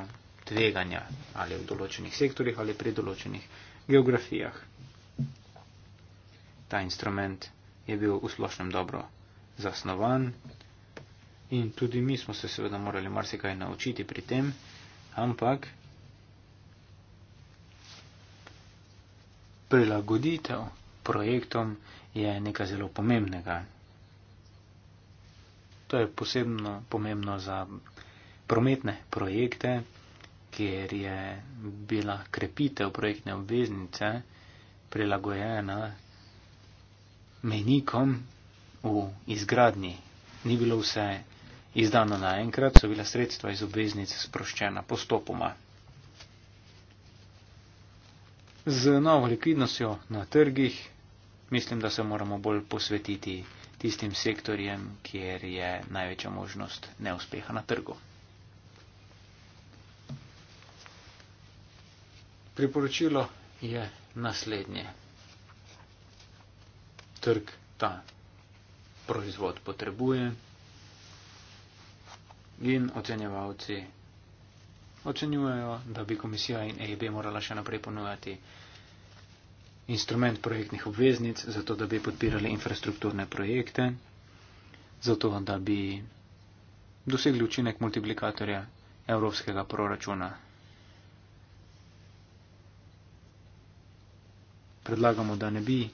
tveganja ali v določenih sektorjih ali pri določenih geografijah. Ta instrument je bil v splošnem dobro zasnovan in tudi mi smo se seveda morali marsikaj naučiti pri tem, ampak prilagoditev projektom je nekaj zelo pomembnega. To je posebno pomembno za prometne projekte, kjer je bila krepitev projektne obveznice prilagojena menikom v izgradnji. Ni bilo vse izdano naenkrat, so bila sredstva iz obveznice sproščena postopoma. Z novo likvidnostjo na trgih mislim, da se moramo bolj posvetiti tistim sektorjem, kjer je največja možnost neuspeha na trgu. Priporočilo je naslednje. Trg ta proizvod potrebuje in ocenjevalci ocenjujejo, da bi komisija in EIB morala še naprej ponujati instrument projektnih obveznic, zato da bi podpirali infrastrukturne projekte, zato da bi dosegli učinek multiplikatorja evropskega proračuna predlagamo, da ne bi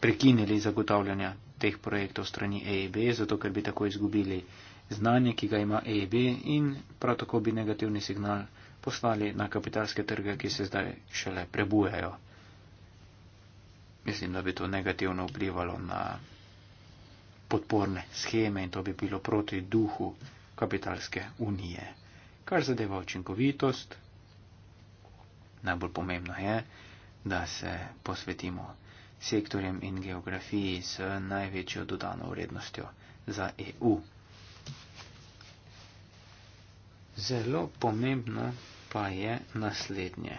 prekinili zagotavljanja teh projektov strani EEB, zato ker bi tako izgubili znanje, ki ga ima EEB in prav tako bi negativni signal poslali na kapitalske trge, ki se zdaj šele prebujajo. Mislim, da bi to negativno vplivalo na podporne scheme in to bi bilo proti duhu kapitalske unije. Kar zadeva učinkovitost, najbolj pomembna je, da se posvetimo sektorjem in geografiji s največjo dodano vrednostjo za EU. Zelo pomembno pa je naslednje.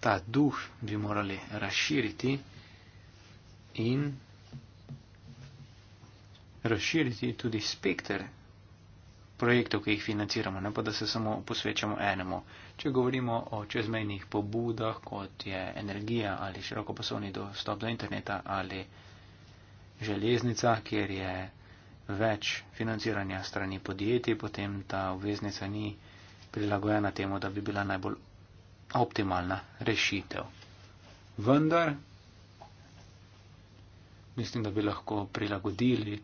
Ta duh bi morali razširiti in razširiti tudi spekter projektov, ki jih financiramo, ne pa da se samo posvečamo enemu. Če govorimo o čezmejnih pobudah, kot je energija ali širokoposobni dostop do interneta ali železnica, kjer je več financiranja strani podjetij, potem ta obveznica ni prilagojena temu, da bi bila najbolj optimalna rešitev. Vendar mislim, da bi lahko prilagodili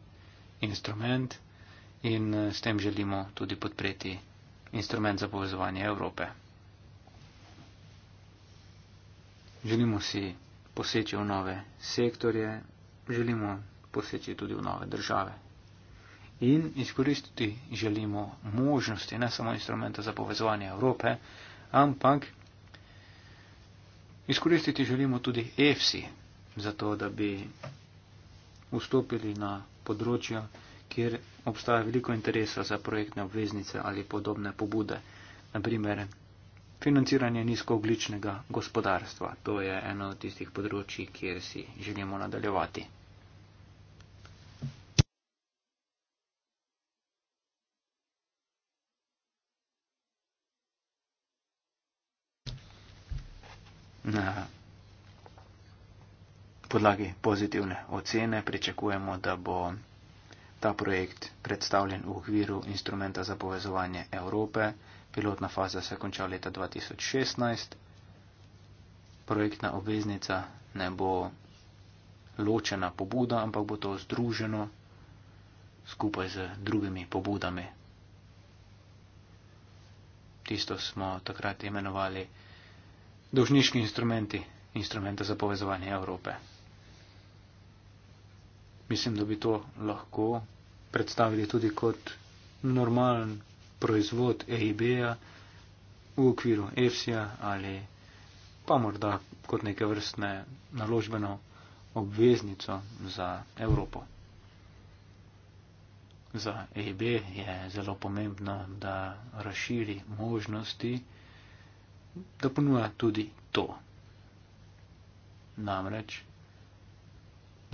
instrument in eh, s tem želimo tudi podpreti instrument za povezovanje Evrope. Želimo si poseči v nove sektorje, želimo poseči tudi v nove države. In izkoristiti želimo možnosti ne samo instrumenta za povezovanje Evrope, ampak izkoristiti želimo tudi EFSI, zato da bi vstopili na področja, kjer obstaja veliko interesa za projektne obveznice ali podobne pobude, naprimer financiranje nizkoogličnega gospodarstva. To je eno od tistih področji, kjer si želimo nadaljevati. Na podlagi pozitivne ocene pričakujemo, da bo ta projekt predstavljen v okviru instrumenta za povezovanje Evrope. Pilotna faza se konča leta 2016. Projektna obveznica ne bo ločena pobuda, ampak bo to združeno skupaj z drugimi pobudami. Tisto smo takrat imenovali dožniški instrumenti, instrumenta za povezovanje Evrope. Mislim, da bi to lahko predstavili tudi kot normalen proizvod EIB-ja v okviru EFSI-ja ali pa morda kot neke vrstne naložbeno obveznico za Evropo. Za EIB je zelo pomembno, da razširi možnosti, da ponuja tudi to. Namreč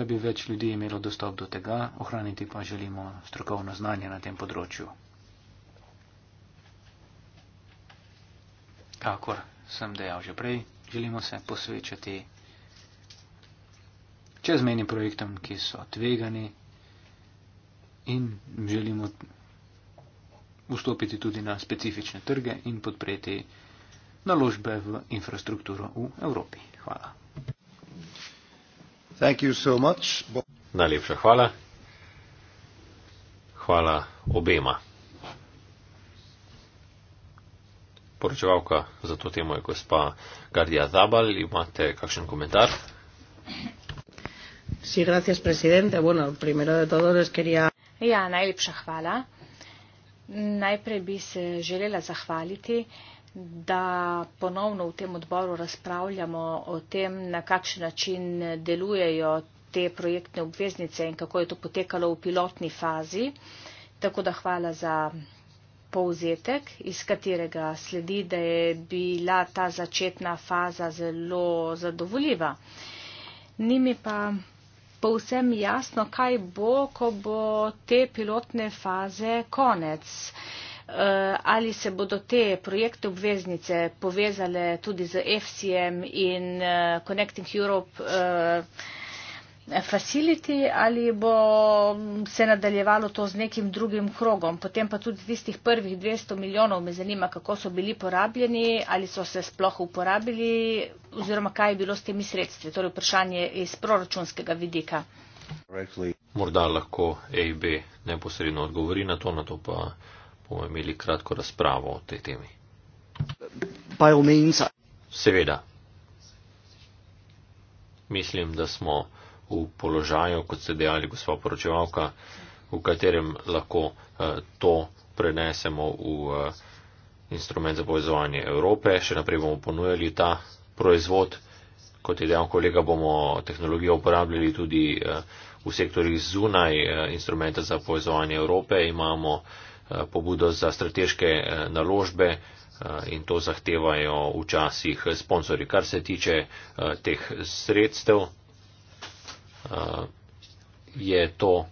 da bi več ljudi imelo dostop do tega, ohraniti pa želimo strokovno znanje na tem področju. Kakor sem dejal že prej, želimo se posvečati čezmenim projektom, ki so tvegani in želimo vstopiti tudi na specifične trge in podpreti naložbe v infrastrukturo v Evropi. Hvala. Najlepša hvala. Hvala obema. Poročevalka za to temo je gospa Gardija Zabal. Imate kakšen komentar? Sí, gracias, presidente. Bueno, primero de todo les quería. Ja, najlepša hvala. Najprej bi se želela zahvaliti da ponovno v tem odboru razpravljamo o tem, na kakšen način delujejo te projektne obveznice in kako je to potekalo v pilotni fazi. Tako da hvala za povzetek, iz katerega sledi, da je bila ta začetna faza zelo zadovoljiva. Nimi pa povsem jasno, kaj bo, ko bo te pilotne faze konec. Uh, Eh, ali se bodo te projekte obveznice povezale tudi z FCM in eh, Connecting Europe eh, facility ali bo mm, se nadaljevalo to z nekim drugim krogom. Potem pa tudi tistih prvih 200 milijonov me zanima, kako so bili porabljeni, ali so se sploh uporabili oziroma kaj je bilo s temi sredstvi. Torej vprašanje iz proračunskega vidika. Morda lahko AB neposredno odgovori na to, na to pa bomo imeli kratko razpravo o tej temi. Seveda. Mislim, da smo v položaju, kot ste dejali, gospod poročevalka, v katerem lahko eh, to prenesemo v eh, instrument za povezovanje Evrope. Še naprej bomo ponujali ta proizvod. Kot je dejal kolega, bomo tehnologijo uporabljali tudi eh, v sektorjih zunaj instrumenta za povezovanje Evrope. Imamo uh, pobudo za strateške eh, naložbe eh, in to zahtevajo včasih sponzori. Kar se tiče eh, teh sredstev, je to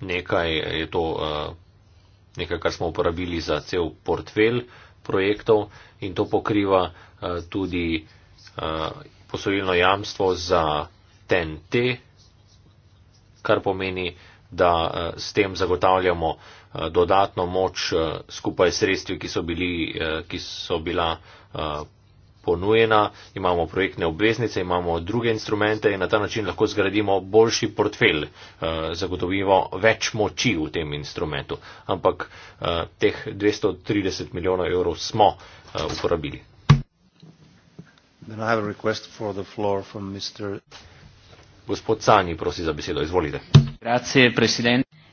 nekaj, je to nekaj kar smo uporabili za cel portfelj projektov in to pokriva tudi posojilno jamstvo za TNT, kar pomeni, da eh, s tem zagotavljamo eh, dodatno moč eh, skupaj s sredstvi, ki so, bili, ki so bila ponujena. Imamo projektne obveznice, imamo druge instrumente in na ta način lahko zgradimo boljši portfel, zagotovimo več moči v tem instrumentu. Ampak teh 230 milijonov evrov smo uporabili. Gospod Cani prosi za besedo. Izvolite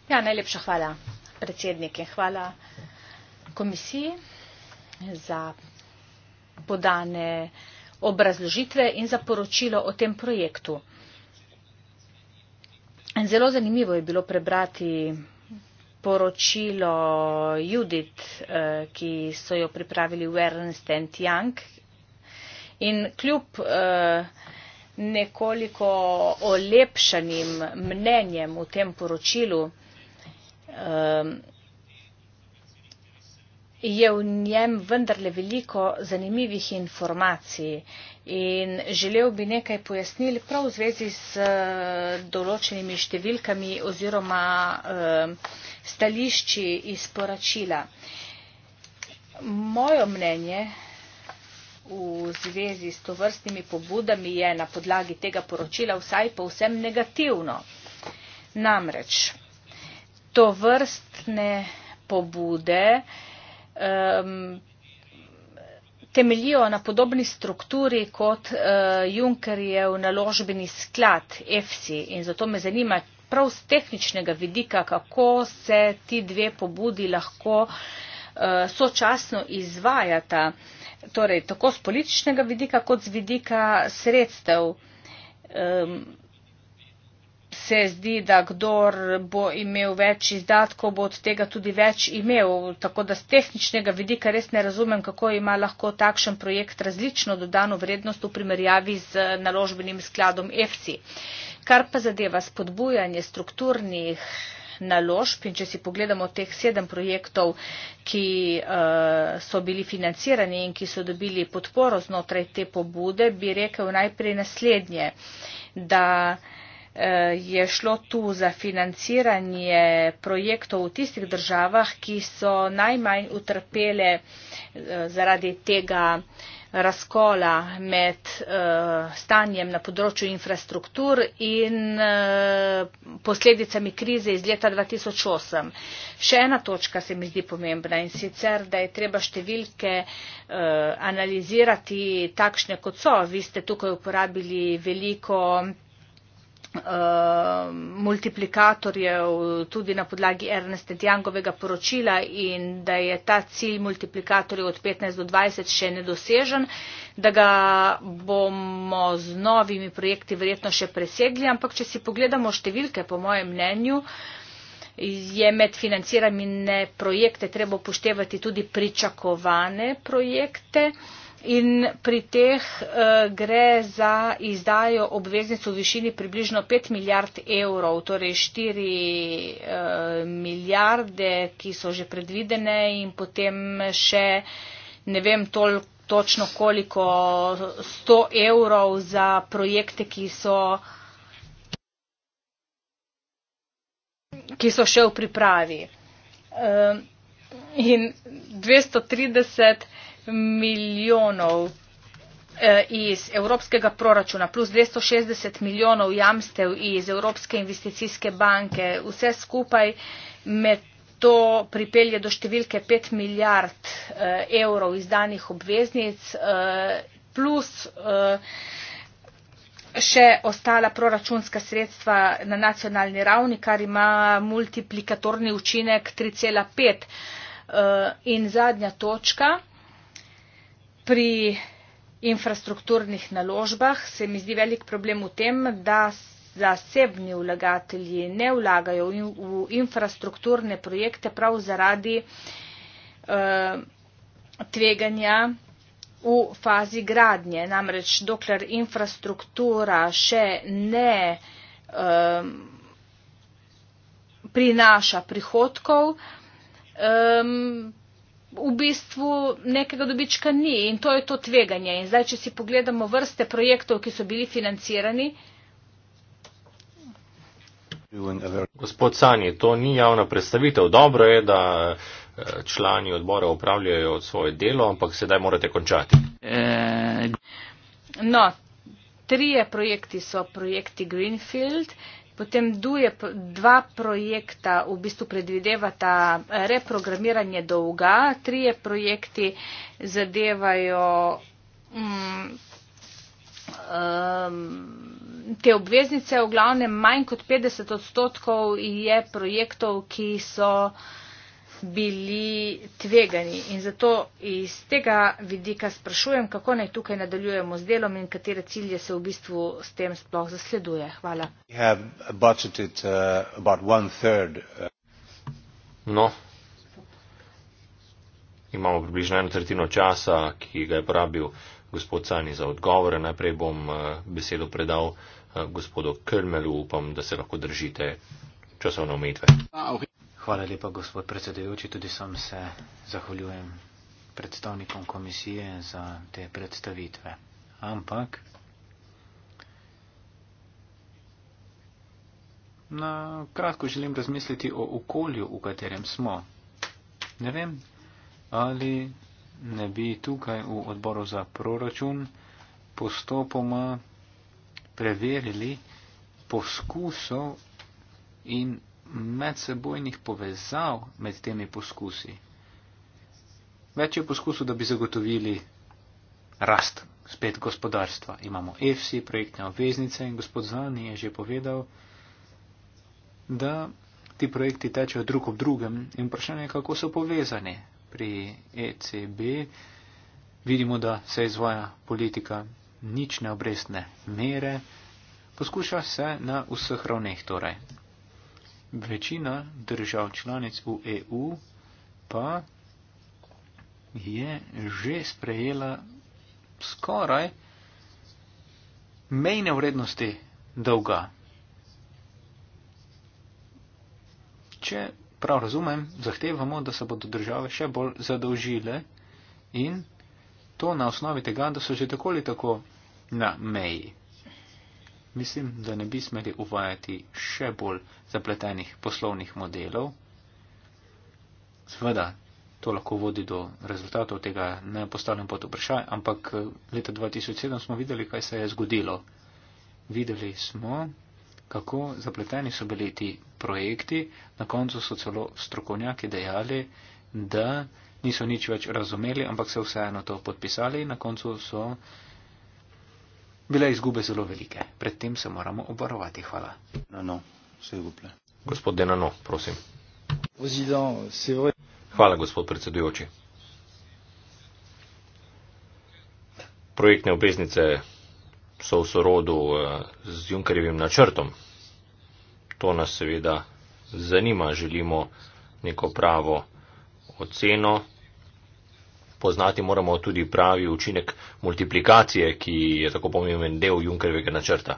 ja, najlepša hvala predsednik in hvala komisiji za podane obrazložitve in za poročilo o tem projektu. Zelo zanimivo je bilo prebrati poročilo Judit, eh, ki so jo pripravili v Ernst Young. In kljub uh, nekoliko olepšanim mnenjem v tem poročilu, ehm, je v njem vendarle veliko zanimivih informacij in želel bi nekaj pojasnil prav v zvezi s eh, določenimi številkami oziroma ehm, stališči iz poročila. Mojo mnenje v zvezi s tovrstnimi pobudami je na podlagi tega poročila vsaj povsem negativno. Namreč tovrstne pobude um, temeljijo na podobni strukturi kot uh, eh, Junckerjev naložbeni sklad EFSI in zato me zanima prav z tehničnega vidika, kako se ti dve pobudi lahko uh, sočasno izvajata. Uh, torej tako z političnega vidika kot z vidika sredstev. Um, se zdi, da kdor bo imel več izdatkov, bo od tega tudi več imel. Tako da z tehničnega vidika res ne razumem, kako ima lahko takšen projekt različno dodano vrednost v primerjavi z naložbenim skladom EFSI. Kar pa zadeva spodbujanje strukturnih naložb in če si pogledamo teh sedem projektov, ki eh, so bili financirani in ki so dobili podporo znotraj te pobude, bi rekel najprej naslednje, da eh, je šlo tu za financiranje projektov v tistih državah, ki so najmanj utrpele eh, zaradi tega, razkola med eh, stanjem na področju infrastruktur in eh, posledicami krize iz leta 2008. Še ena točka se mi zdi pomembna in sicer, da je treba številke eh, analizirati takšne, kot so. Vi ste tukaj uporabili veliko Eh, multiplikatorjev tudi na podlagi Ernesta Djangovega poročila in da je ta cilj multiplikatorjev od 15 do 20 še nedosežen, da ga bomo z novimi projekti verjetno še presegli, ampak če si pogledamo številke, po mojem mnenju, je med financiranjem projekte treba upoštevati tudi pričakovane projekte. Uh, in pri teh uh, gre za izdajo obveznic v višini približno 5 milijard evrov, torej 4 uh, eh, milijarde, ki so že predvidene in potem še ne vem tol, točno koliko 100 evrov za projekte, ki so, ki so še v pripravi. Uh, in 230 milijonov eh, iz evropskega proračuna plus 260 milijonov jamstev iz Evropske investicijske banke. Vse skupaj me to pripelje do številke 5 milijard eh, evrov izdanih obveznic eh, plus še ostala proračunska sredstva na nacionalni ravni, kar ima multiplikatorni učinek 3,5. In zadnja točka pri infrastrukturnih naložbah se mi zdi velik problem v tem, da zasebni vlagatelji ne vlagajo v infrastrukturne projekte prav zaradi eh, tveganja v fazi gradnje. Namreč dokler infrastruktura še ne um, prinaša prihodkov, um, v bistvu nekega dobička ni in to je to tveganje. In zdaj, če si pogledamo vrste projektov, ki so bili financirani. Gospod Sani, to ni javna predstavitev. Dobro je, da eh, člani odbora upravljajo svoje delo, ampak sedaj morate končati. Eh, no, trije projekti so projekti Greenfield. Potem duje, dva projekta v bistvu predvidevata eh, reprogramiranje dolga. Trije projekti zadevajo um, um, te obveznice. V glavnem manj kot 50 odstotkov je projektov, ki so. Um, bili tvegani. In zato iz tega vidika sprašujem, kako naj tukaj nadaljujemo z delom in katere cilje se v bistvu s tem sploh zasleduje. Hvala. Uh, uh, no, imamo približno eno tretjino časa, ki ga je porabil gospod Cani za odgovore. Najprej bom uh, besedo predal gospodu Krmelu, upam, da se lahko držite časovne omejitve. Ah, okay. Hvala lepa, gospod predsedujoči. Tudi sam se zahvaljujem predstavnikom komisije za te predstavitve. Ampak na kratko želim razmisliti o okolju, v katerem smo. Ne vem, ali ne bi tukaj v odboru za proračun postopoma preverili poskusov in medsebojnih povezav med temi poskusi. Več je poskusov, da bi zagotovili rast spet gospodarstva. Imamo EFSI, projektne obveznice in gospod Zani je že povedal, da ti projekti tečejo drug ob drugem in vprašanje je, kako so povezani. Pri ECB vidimo, da se izvaja politika nične obrestne mere, poskuša se na vseh ravneh torej. Večina držav članic v EU pa je že sprejela skoraj mejne vrednosti dolga. Če prav razumem, zahtevamo, da se bodo države še bolj zadolžile in to na osnovi tega, da so že tako ali tako na meji mislim, da ne bi smeli uvajati še bolj zapletenih poslovnih modelov. Sveda, to lahko vodi do rezultatov tega, ne postavljam pod vprašaj, ampak eh, leta 2007 smo videli, kaj se je zgodilo. Videli smo, kako zapleteni so bili ti projekti, na koncu so celo strokovnjaki dejali, da niso nič več razumeli, ampak se vseeno to podpisali in na koncu so bile izgube zelo velike. Pred tem se moramo obvarovati. Hvala. No, gospod Denano, prosim. Hvala, gospod predsedujoči. Projektne obveznice so v sorodu eh, z Junkerjevim načrtom. To nas seveda zanima. Želimo neko pravo oceno poznati moramo tudi pravi učinek multiplikacije, ki je tako pomemben del Junkerjevega načrta.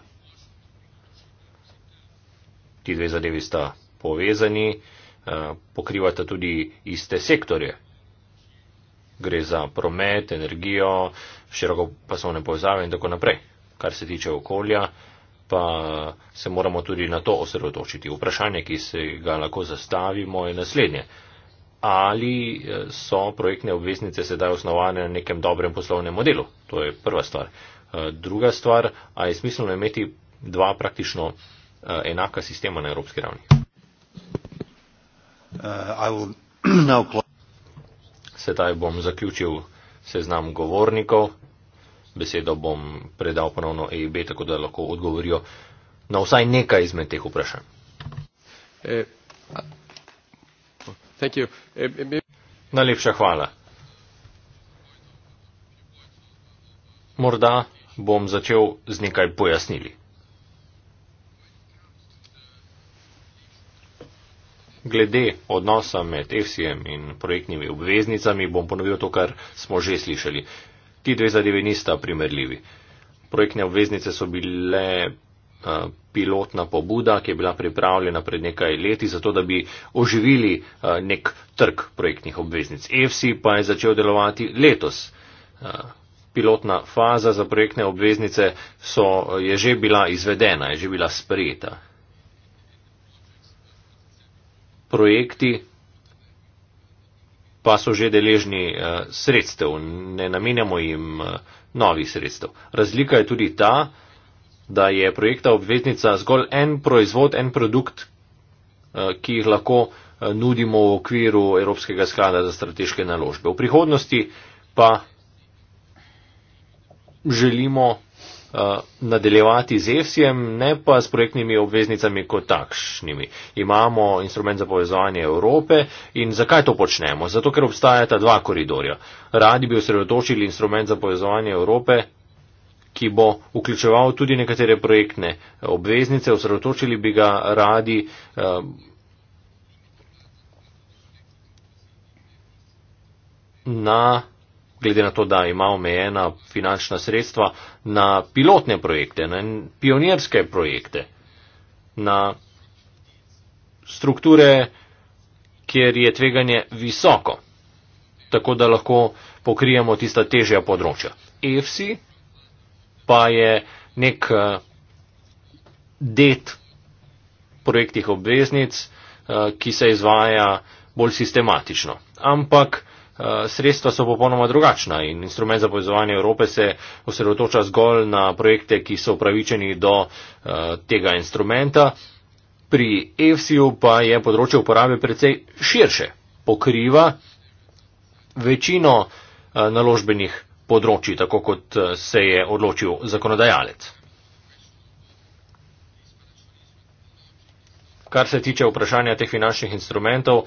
Ti dve zadevi sta povezani, eh, pokrivata tudi iste sektorje. Gre za promet, energijo, široko pasovne povezave in tako naprej. Kar se tiče okolja, pa se moramo tudi na to osredotočiti. Vprašanje, ki se ga lahko zastavimo, je naslednje ali eh, so projektne obveznice sedaj osnovane na nekem dobrem poslovnem modelu. To je prva stvar. Eh, druga stvar, ali je smiselno imeti dva praktično eh, enaka sistema na evropski ravni? Sedaj bom zaključil seznam govornikov. Besedo bom predal ponovno EIB, tako da lahko odgovorijo na vsaj nekaj izmed teh vprašanj. E, Eh, eh, Najlepša hvala. Morda bom začel z nekaj pojasnili. Glede odnosa med FCM in projektnimi obveznicami bom ponovil to, kar smo že slišali. Ti dve zadeve nista primerljivi. Projektne obveznice so bile Eh, pilotna pobuda, ki je bila pripravljena pred nekaj leti, zato da bi oživili eh, nek trg projektnih obveznic. EFSI pa je začel delovati letos. Eh, pilotna faza za projektne obveznice so, je že bila izvedena, je že bila sprejeta. Projekti pa so že deležni sredstev, ne namenjamo jim novih sredstev. Razlika je tudi ta, da je projekta obveznica zgolj en proizvod, en produkt, eh, ki jih lahko eh, nudimo v okviru Evropskega sklada za strateške naložbe. V prihodnosti pa želimo eh, nadaljevati z EFSI-jem, ne pa s projektnimi obveznicami kot takšnimi. Imamo instrument za povezovanje Evrope in zakaj to počnemo? Zato, ker obstajata dva koridorja. Radi bi osredotočili instrument za povezovanje Evrope ki bo vključeval tudi nekatere projektne obveznice. Osredotočili bi ga radi eh, na, glede na to, da ima omejena finančna sredstva, na pilotne projekte, na pionirske projekte, na strukture, kjer je tveganje visoko, tako da lahko pokrijemo tista težja področja. EFSI pa je nek eh, det projektih obveznic, eh, ki se izvaja bolj sistematično. Ampak eh, sredstva so popolnoma drugačna in instrument za povezovanje Evrope se osredotoča zgolj na projekte, ki so upravičeni do tega instrumenta. Pri EFSI-u pa je področje uporabe precej širše. Pokriva večino naložbenih področji, tako kot eh, se je odločil zakonodajalec. Kar se tiče vprašanja teh finančnih instrumentov,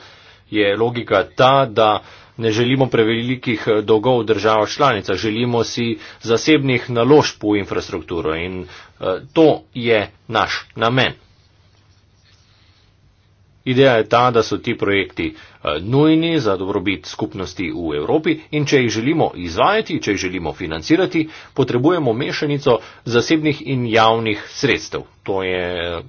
je logika ta, da ne želimo prevelikih eh, dolgov v državah članica, želimo si zasebnih naložb v infrastrukturo in eh, to je naš namen. Ideja je ta, da so ti projekti eh, nujni za dobrobit skupnosti v Evropi in če jih želimo izvajati, če jih želimo financirati, potrebujemo mešanico zasebnih in javnih sredstev. To je eh,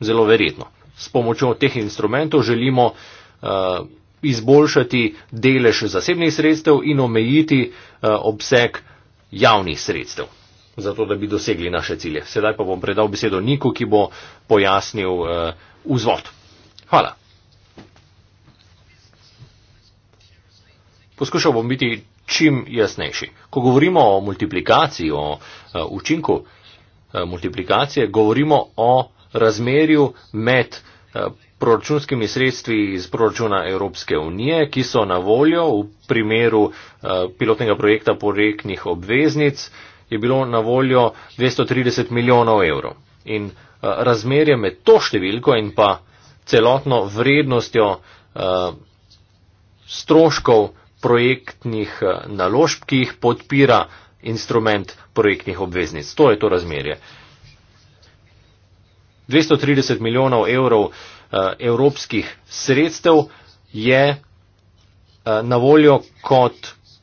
zelo verjetno. S pomočjo teh instrumentov želimo eh, izboljšati delež zasebnih sredstev in omejiti obseg javnih sredstev. Zato, da bi dosegli naše cilje. Sedaj pa bom predal besedo Niku, ki bo pojasnil vzvod. Uh, Hvala. Poskušal bom biti čim jasnejši. Ko govorimo o multiplikaciji, o eh, učinku eh, multiplikacije, govorimo o razmerju med eh, proračunskimi sredstvi iz proračuna Evropske unije, ki so na voljo v primeru pilotnega projekta poreknih obveznic, je bilo na voljo 230 milijonov evrov. In razmerje med to številko in pa celotno vrednostjo uh, stroškov projektnih eh, naložb, ki jih podpira instrument projektnih obveznic. To je to razmerje. 230 milijonov evrov uh, evropskih sredstev je uh, na voljo kot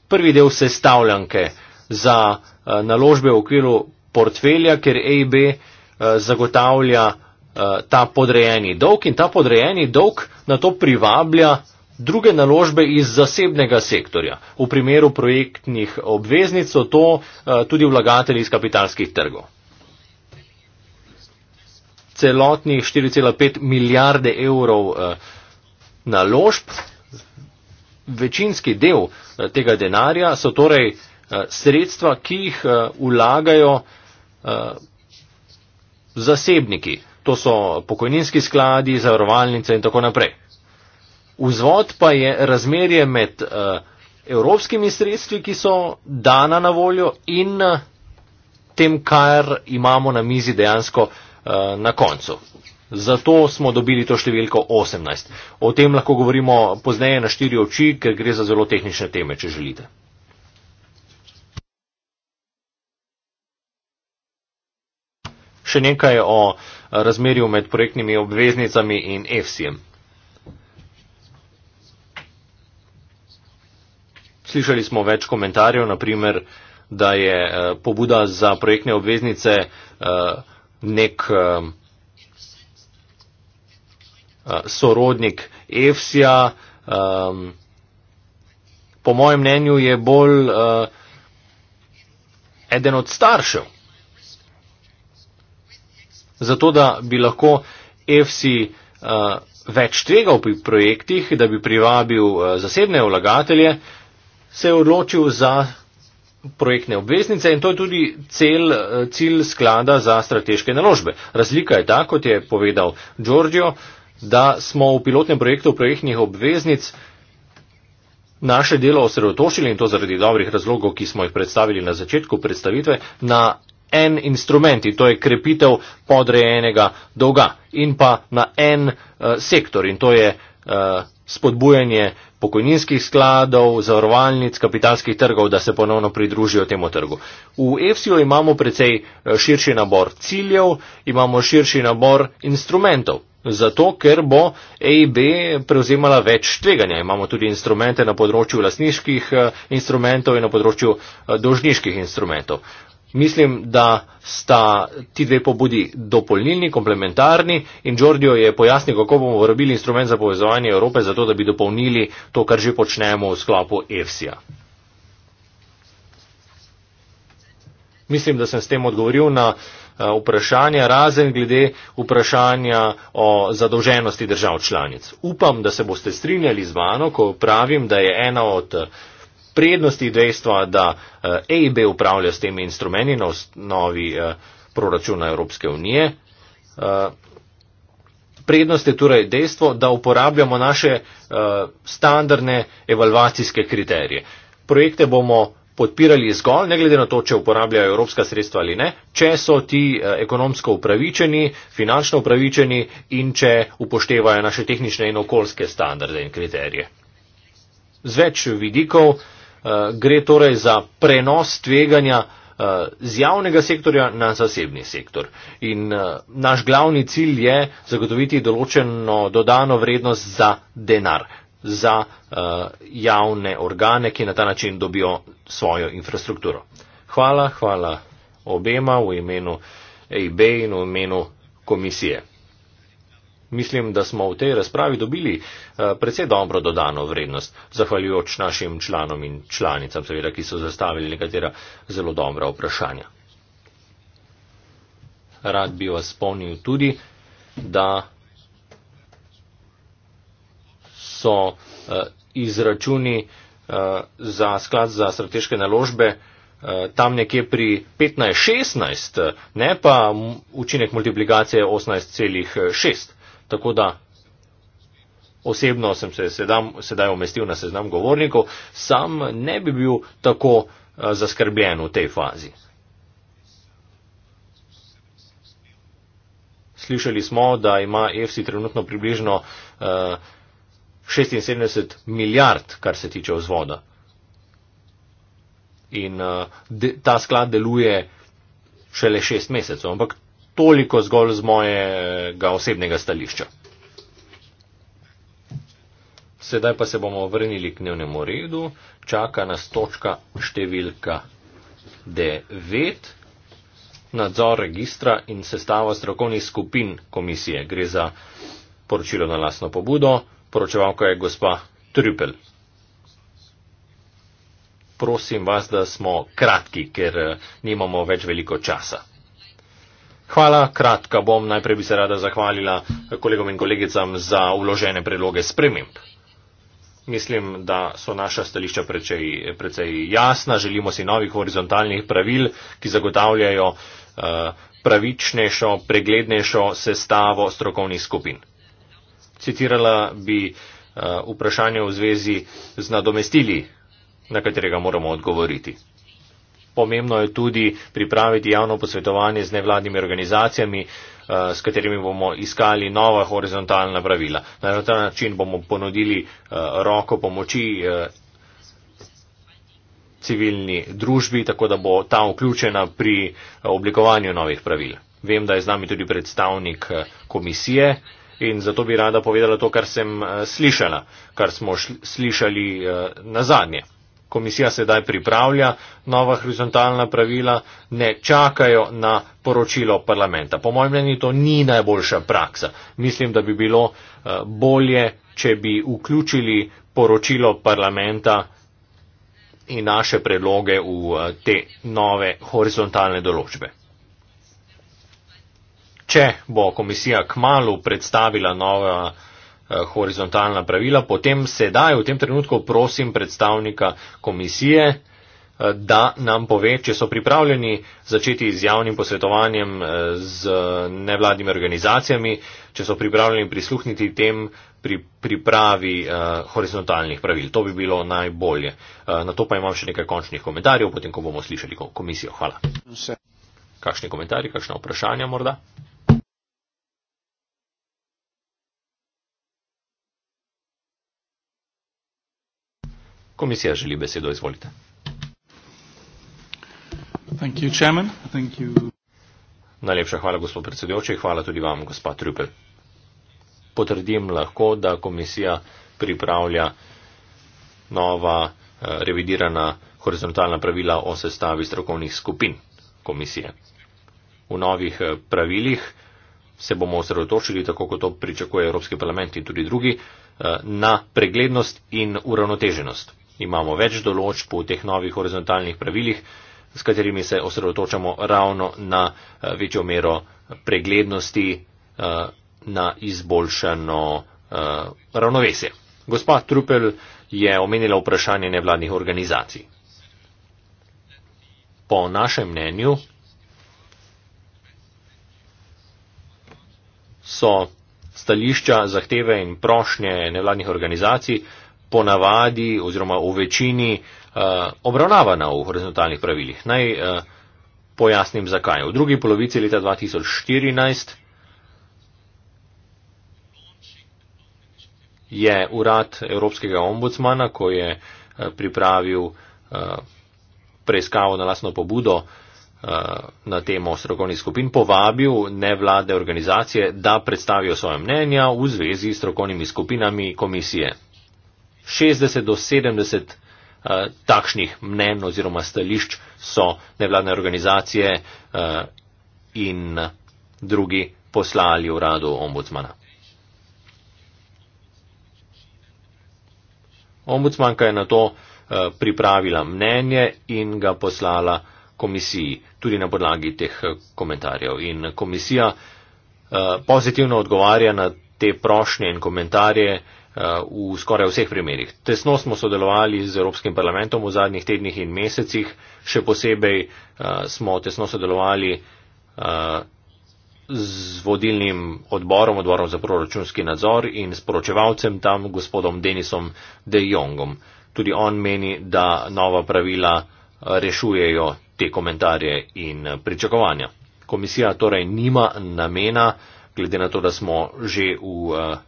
prvi del sestavljanke za uh, naložbe v okviru portfelja, ker EIB uh, zagotavlja uh, Eh, ta podrejeni dolg in ta podrejeni dolg na to privablja druge naložbe iz zasebnega sektorja. V primeru projektnih obveznic so to eh, tudi vlagatelji iz kapitalskih trgov. Celotnih 4,5 milijarde evrov eh, naložb, večinski del tega denarja so torej sredstva, ki jih vlagajo zasebniki to so pokojninski skladi, zavarovalnice in tako naprej. Vzvod pa je razmerje med eh, evropskimi sredstvi, ki so dana na voljo in eh, tem, kar imamo na mizi dejansko eh, na koncu. Zato smo dobili to številko 18. O tem lahko govorimo pozneje na štiri oči, ker gre za zelo tehnične teme, če želite. Še nekaj o uh, razmerju med projektnimi obveznicami in EFSI-jem. Slišali smo več komentarjev, naprimer, da je eh, pobuda za projektne obveznice eh, nek eh, sorodnik EFSI-ja. Po mojem mnenju je bolj eden od staršev zato da bi lahko EFSI uh, več tvegal pri projektih, da bi privabil uh, zasebne vlagatelje, se je odločil za projektne obveznice in to je tudi cel, eh, cilj sklada za strateške naložbe. Razlika je ta, kot je povedal Giorgio, da smo v pilotnem projektu projektnih obveznic naše delo osredotočili in to zaradi dobrih razlogov, ki smo jih predstavili na začetku predstavitve, na en instrument in to je krepitev podrejenega dolga in pa na en uh, sektor in to je uh, spodbujanje pokojninskih skladov, zavarovalnic, kapitalskih trgov, da se ponovno pridružijo temu trgu. V EFSIO imamo precej eh, širši nabor ciljev, imamo širši nabor instrumentov. Zato, ker bo EIB prevzemala več tveganja. Imamo tudi instrumente na področju lasniških instrumentov in na področju dožniških instrumentov. Mislim, da sta ti dve pobudi dopolnilni, komplementarni in Giorgio je pojasnil, kako bomo uporabili instrument za povezovanje Evrope, zato da bi dopolnili to, kar že počnemo v sklopu EFSI-ja. Mislim, da sem s tem odgovoril na eh, vprašanje, razen glede vprašanja o zadolženosti držav članic. Upam, da se boste strinjali z mano, ko pravim, da je ena od prednosti dejstva, da EIB eh, e upravlja s temi instrumenti na osnovi eh, proračuna Evropske unije. Eh, prednost je torej dejstvo, da uporabljamo naše standardne evalvacijske kriterije. Projekte bomo podpirali zgolj, ne glede na to, če uporabljajo evropska sredstva ali ne, če so ti ekonomsko upravičeni, finančno upravičeni in če upoštevajo naše tehnične in okoljske standarde in kriterije. Z več vidikov uh, Eh, gre torej za prenos tveganja eh, z javnega sektorja na zasebni sektor. In eh, naš glavni cilj je zagotoviti določeno dodano vrednost za denar, za javne organe, ki na ta način dobijo svojo infrastrukturo. Hvala, hvala obema v imenu EIB in v imenu komisije. Mislim, da smo v tej razpravi dobili eh, predvsej dobro dodano vrednost, zahvaljujoč našim članom in članicam, seveda, ki so zastavili nekatera zelo dobra vprašanja. Rad bi vas spomnil tudi, da so eh, izračuni eh, za sklad za strateške naložbe tam nekje pri 15-16, ne pa učinek multiplikacije 18,6. Tako da osebno sem se sedam, sedaj omestil na seznam govornikov, sam ne bi bil tako eh, zaskrbljen v tej fazi. Slišali smo, da ima EFSI trenutno približno uh, eh, 76 milijard, kar se tiče vzvoda. In uh, de, ta sklad deluje šele šest mesecev, ampak toliko zgolj z mojega osebnega stališča. Sedaj pa se bomo vrnili k dnevnemu redu. Čaka nas točka številka 9. Nadzor registra in sestava strokovnih skupin komisije. Gre za poročilo na lasno pobudo. Poročevalka je gospa Trupel. Prosim vas, da smo kratki, ker eh, nimamo več veliko časa. Hvala, kratka bom. Najprej bi se rada zahvalila kolegom in kolegicam za uložene predloge sprememb. Mislim, da so naša stališča precej, precej jasna. Želimo si novih horizontalnih pravil, ki zagotavljajo eh, pravičnejšo, preglednejšo sestavo strokovnih skupin. Citirala bi eh, vprašanje v zvezi z nadomestili, na katerega moramo odgovoriti pomembno je tudi pripraviti javno posvetovanje z nevladnimi organizacijami, eh, s katerimi bomo iskali nova horizontalna pravila. Na ta način bomo ponudili eh, roko pomoči eh, civilni družbi, tako da bo ta vključena pri oblikovanju novih pravil. Vem, da je z nami tudi predstavnik komisije in zato bi rada povedala to, kar sem slišala, kar smo šli, slišali nazadnje komisija sedaj pripravlja nova horizontalna pravila, ne čakajo na poročilo parlamenta. Po mojem mnenju to ni najboljša praksa. Mislim, da bi bilo eh, bolje, če bi vključili poročilo parlamenta in naše predloge v eh, te nove horizontalne določbe. Če bo komisija kmalo predstavila nova Eh, horizontalna pravila, potem sedaj v tem trenutku prosim predstavnika komisije, eh, da nam pove, če so pripravljeni začeti z javnim posvetovanjem eh, z nevladnimi organizacijami, če so pripravljeni prisluhniti tem pri pripravi horizontalnih pravil. To bi bilo najbolje. Na to pa imam še nekaj končnih komentarjev, potem ko bomo slišali komisijo. Hvala. Kakšni komentarji, kakšna vprašanja morda? Komisija želi besedo, izvolite. You, you... Najlepša hvala, gospod predsedujoči, hvala tudi vam, gospod Trupel. Potrdim lahko, da komisija pripravlja nova eh, revidirana horizontalna pravila o sestavi strokovnih skupin komisije. V novih eh, pravilih se bomo osredotočili, tako kot to pričakuje Evropski parlament in tudi drugi, eh, na preglednost in uravnoteženost imamo več določb v teh novih horizontalnih pravilih, s katerimi se osredotočamo ravno na eh, večjo mero eh, preglednosti, eh, na izboljšano ravnovesje. Gospa Trupel je omenila vprašanje nevladnih organizacij. Po našem mnenju so stališča, zahteve in prošnje nevladnih organizacij uh, ponavadi oziroma v večini eh, obravnavana v horizontalnih pravilih. Naj eh, pojasnim zakaj. V drugi polovici leta 2014 je urad Evropskega ombudsmana, ko je eh, pripravil preiskavo na lasno pobudo na temo strokovnih skupin, povabil nevladne organizacije, da predstavijo svoje mnenja v zvezi s strokovnimi skupinami komisije. 60 do 70 uh, eh, takšnih mnen oziroma stališč so nevladne organizacije uh, in drugi poslali uradu ombudsmana. Ombudsmanka je na to uh, eh, pripravila mnenje in ga poslala komisiji, tudi na podlagi teh komentarjev. In komisija uh, pozitivno odgovarja na te prošnje in komentarje, uh, v skoraj vseh primerjih. Tesno smo sodelovali z Evropskim parlamentom v zadnjih tednih in mesecih, še posebej eh, smo tesno sodelovali eh, z vodilnim odborom, odborom za proračunski nadzor in s poročevalcem tam, gospodom Denisom De Jongom. Tudi on meni, da nova pravila eh, rešujejo te komentarje in pričakovanja. Komisija torej nima namena, glede na to, da smo že v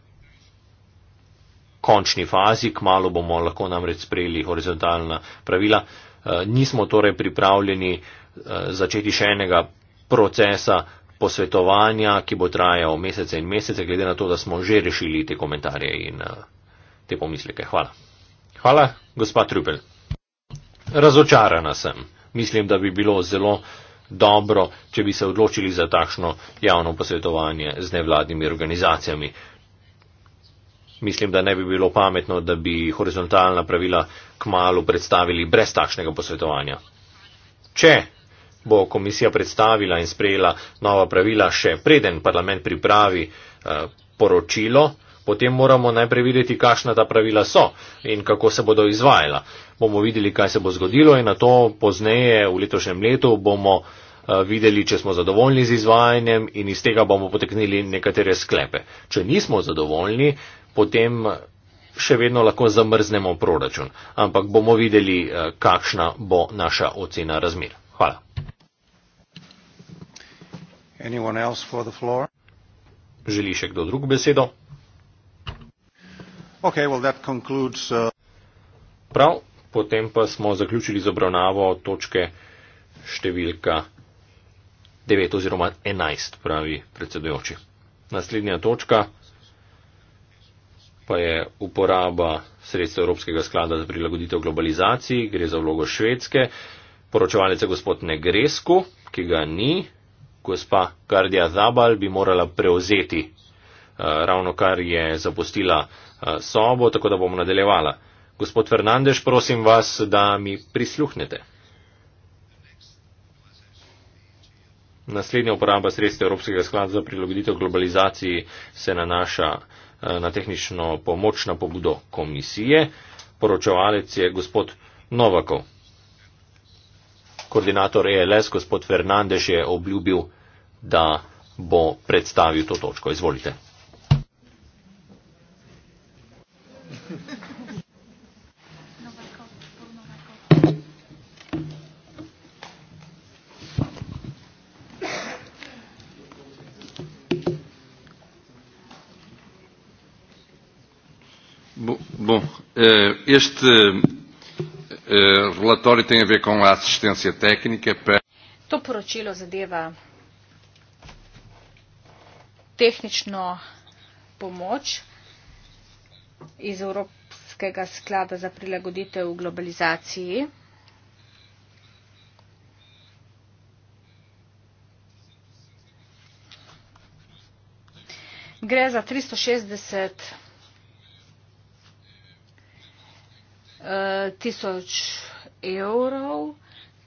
končni fazi, kmalo bomo lahko namreč sprejeli horizontalna pravila. Eh, nismo torej pripravljeni eh, začeti še enega procesa posvetovanja, ki bo trajal mesece in mesece, glede na to, da smo že rešili te komentarje in eh, te pomisleke. Hvala. Hvala, gospa Trubel. Razočarana sem. Mislim, da bi bilo zelo dobro, če bi se odločili za takšno javno posvetovanje z nevladnimi organizacijami mislim, da ne bi bilo pametno, da bi horizontalna pravila k malu predstavili brez takšnega posvetovanja. Če bo komisija predstavila in sprejela nova pravila še preden parlament pripravi eh, poročilo, potem moramo najprej videti, kakšna ta pravila so in kako se bodo izvajala. Bomo videli, kaj se bo zgodilo in na to pozneje v letošnjem letu bomo eh, videli, če smo zadovoljni z izvajanjem in iz tega bomo poteknili nekatere sklepe. Če nismo zadovoljni, potem še vedno lahko zamrznemo proračun. Ampak bomo videli, eh, kakšna bo naša ocena razmer. Hvala. Želi še kdo drug besedo? Okay, well concludes, uh... Prav, potem pa smo zaključili z obravnavo točke številka 9 oziroma 11, pravi predsedujoči. Naslednja točka pa je uporaba sredstva Evropskega sklada za prilagoditev globalizaciji, gre za vlogo švedske, poročevalec je gospod Negresku, ki ga ni, gospa Gardija Zabal bi morala prevzeti, eh, ravno kar je zapustila eh, sobo, tako da bom nadaljevala. Gospod Fernandeš, prosim vas, da mi prisluhnete. Naslednja uporaba sredstva Evropskega sklada za prilagoditev globalizaciji se nanaša Eh, na tehnično pomoč na pobudo komisije. Poročevalec je gospod Novakov. Koordinator ELS, gospod Fernandez, je obljubil, da bo predstavil to točko. Izvolite. este eh, relatório tem a ver com a assistência técnica para. To poročilo zadeva tehnično pomoč iz Evropskega sklada za prilagoditev globalizaciji. Gre za 360 Eh, tisoč evrov.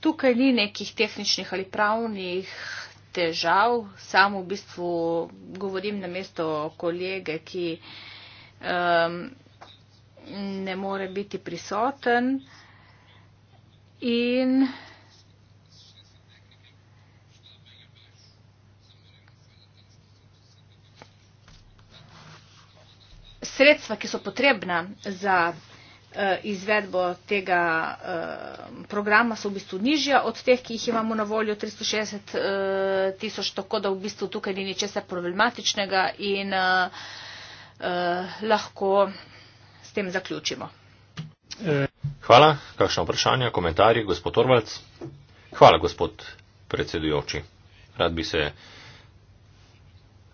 Tukaj ni nekih tehničnih ali pravnih težav. Sam v bistvu govorim na mesto kolege, ki um, ne more biti prisoten. In sredstva, ki so potrebna za Eh, izvedbo tega eh, programa so v bistvu nižja od teh, ki jih imamo na voljo 360 eh, tisoč, tako da v bistvu tukaj ni ničesar problematičnega in lahko s tem zaključimo. Hvala. Kakšno vprašanje, komentarji, gospod Orvalc? Hvala, gospod predsedujoči. Rad bi se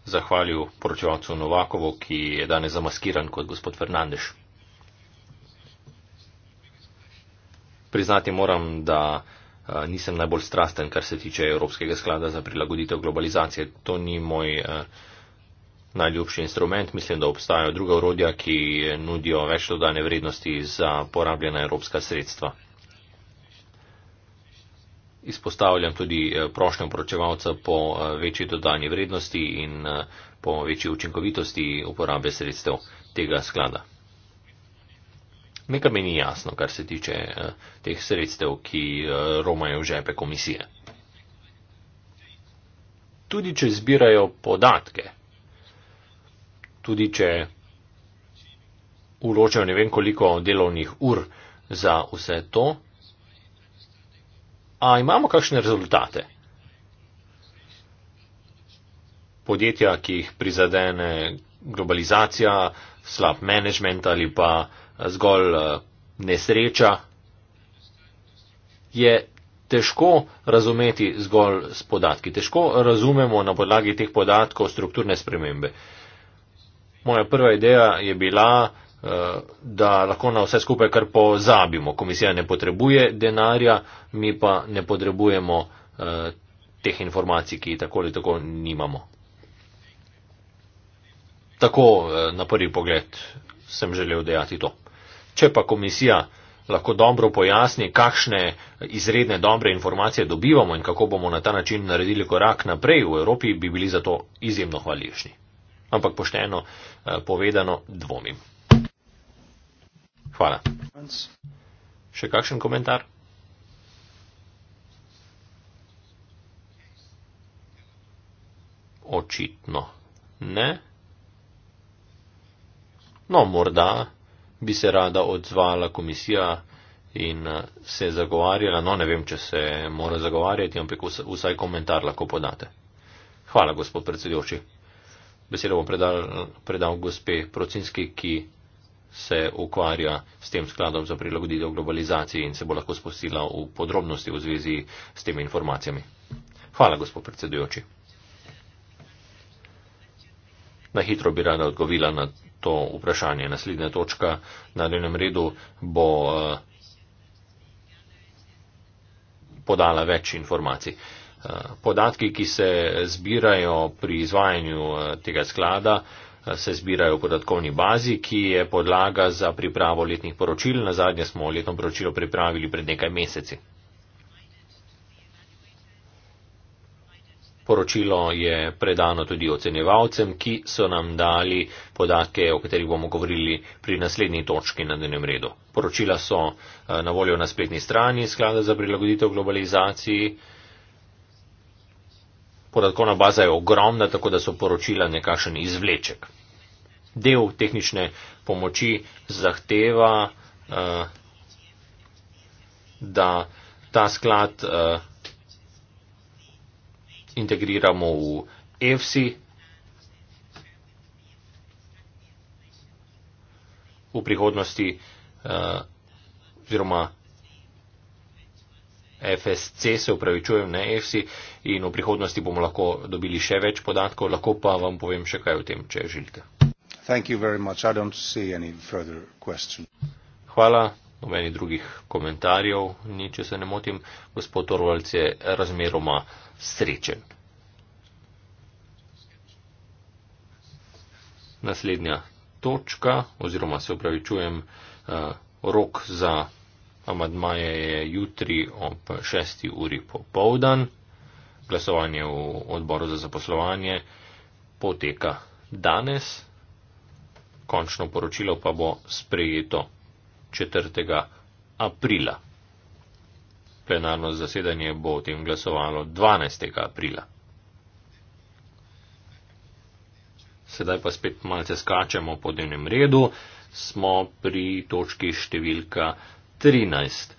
zahvalil poročevalcu Novakovu, ki je danes zamaskiran kot gospod Fernandeš. priznati moram, da eh, nisem najbolj strasten, kar se tiče Evropskega sklada za prilagoditev globalizacije. To ni moj eh, najljubši instrument. Mislim, da obstajajo druga urodja, ki eh, nudijo več dodane vrednosti za porabljena evropska sredstva. Izpostavljam tudi prošnjo poročevalca po večji dodani vrednosti in po večji učinkovitosti uporabe sredstev tega sklada nekaj meni jasno, kar se tiče uh, teh sredstev, ki uh, romajo v žepe komisije. Tudi, če zbirajo podatke, tudi, če uločajo ne vem koliko delovnih ur za vse to, a imamo kakšne rezultate? Podjetja, ki jih prizadene globalizacija, slab management ali pa uh, zgolj eh, nesreča, je težko razumeti zgolj s podatki. Težko razumemo na podlagi teh podatkov strukturne spremembe. Moja prva ideja je bila, eh, da lahko na vse skupaj kar pozabimo. Komisija ne potrebuje denarja, mi pa ne potrebujemo eh, teh informacij, ki jih tako ali tako nimamo. Tako na prvi pogled sem želel dejati to. Če pa komisija lahko dobro pojasni, kakšne izredne dobre informacije dobivamo in kako bomo na ta način naredili korak naprej v Evropi, bi bili zato izjemno hvaležni. Ampak pošteno eh, povedano dvomim. Hvala. Še kakšen komentar? Očitno ne. No, morda bi se rada odzvala komisija in eh, se zagovarjala. No, ne vem, če se mora zagovarjati, ampak vsaj komentar lahko podate. Hvala, gospod predsedujoči. Besedo bom predal, predal gospe Procinski, ki se ukvarja s tem skladom za prilagoditev globalizaciji in se bo lahko spustila v podrobnosti v zvezi s temi informacijami. Hvala, gospod predsedujoči. Na hitro bi rada odgovila na to vprašanje. Naslednja točka na dnevnem redu bo eh, podala več informacij. Eh, podatki, ki se zbirajo pri izvajanju eh, tega sklada, se zbirajo v podatkovni bazi, ki je podlaga za pripravo letnih poročil. Na zadnje smo letno poročilo pripravili pred nekaj meseci. Poročilo je predano tudi ocenjevalcem, ki so nam dali podatke, o katerih bomo govorili pri naslednji točki na dnevnem redu. Poročila so eh, na voljo na spletni strani Sklada za prilagoditev globalizaciji. Podatkovna baza je ogromna, tako da so poročila nekakšen izvleček. Del tehnične pomoči zahteva, eh, da ta sklad eh, integriramo v EFSI, v prihodnosti eh, oziroma FSC, se upravičujem, ne EFSI, in v prihodnosti bomo lahko dobili še več podatkov, lahko pa vam povem še kaj o tem, če želite. Hvala, nobenih drugih komentarjev, ni, če se ne motim, gospod Torvalc je razmeroma srečen. Naslednja točka, oziroma se upravičujem, eh, rok za amadmaje je jutri ob 6. uri popovdan. Glasovanje v odboru za zaposlovanje poteka danes, končno poročilo pa bo sprejeto 4. aprila. Plenarno zasedanje bo o tem glasovalo 12. aprila. Sedaj pa spet malce skačemo po dnevnem redu, smo pri točki številka 13.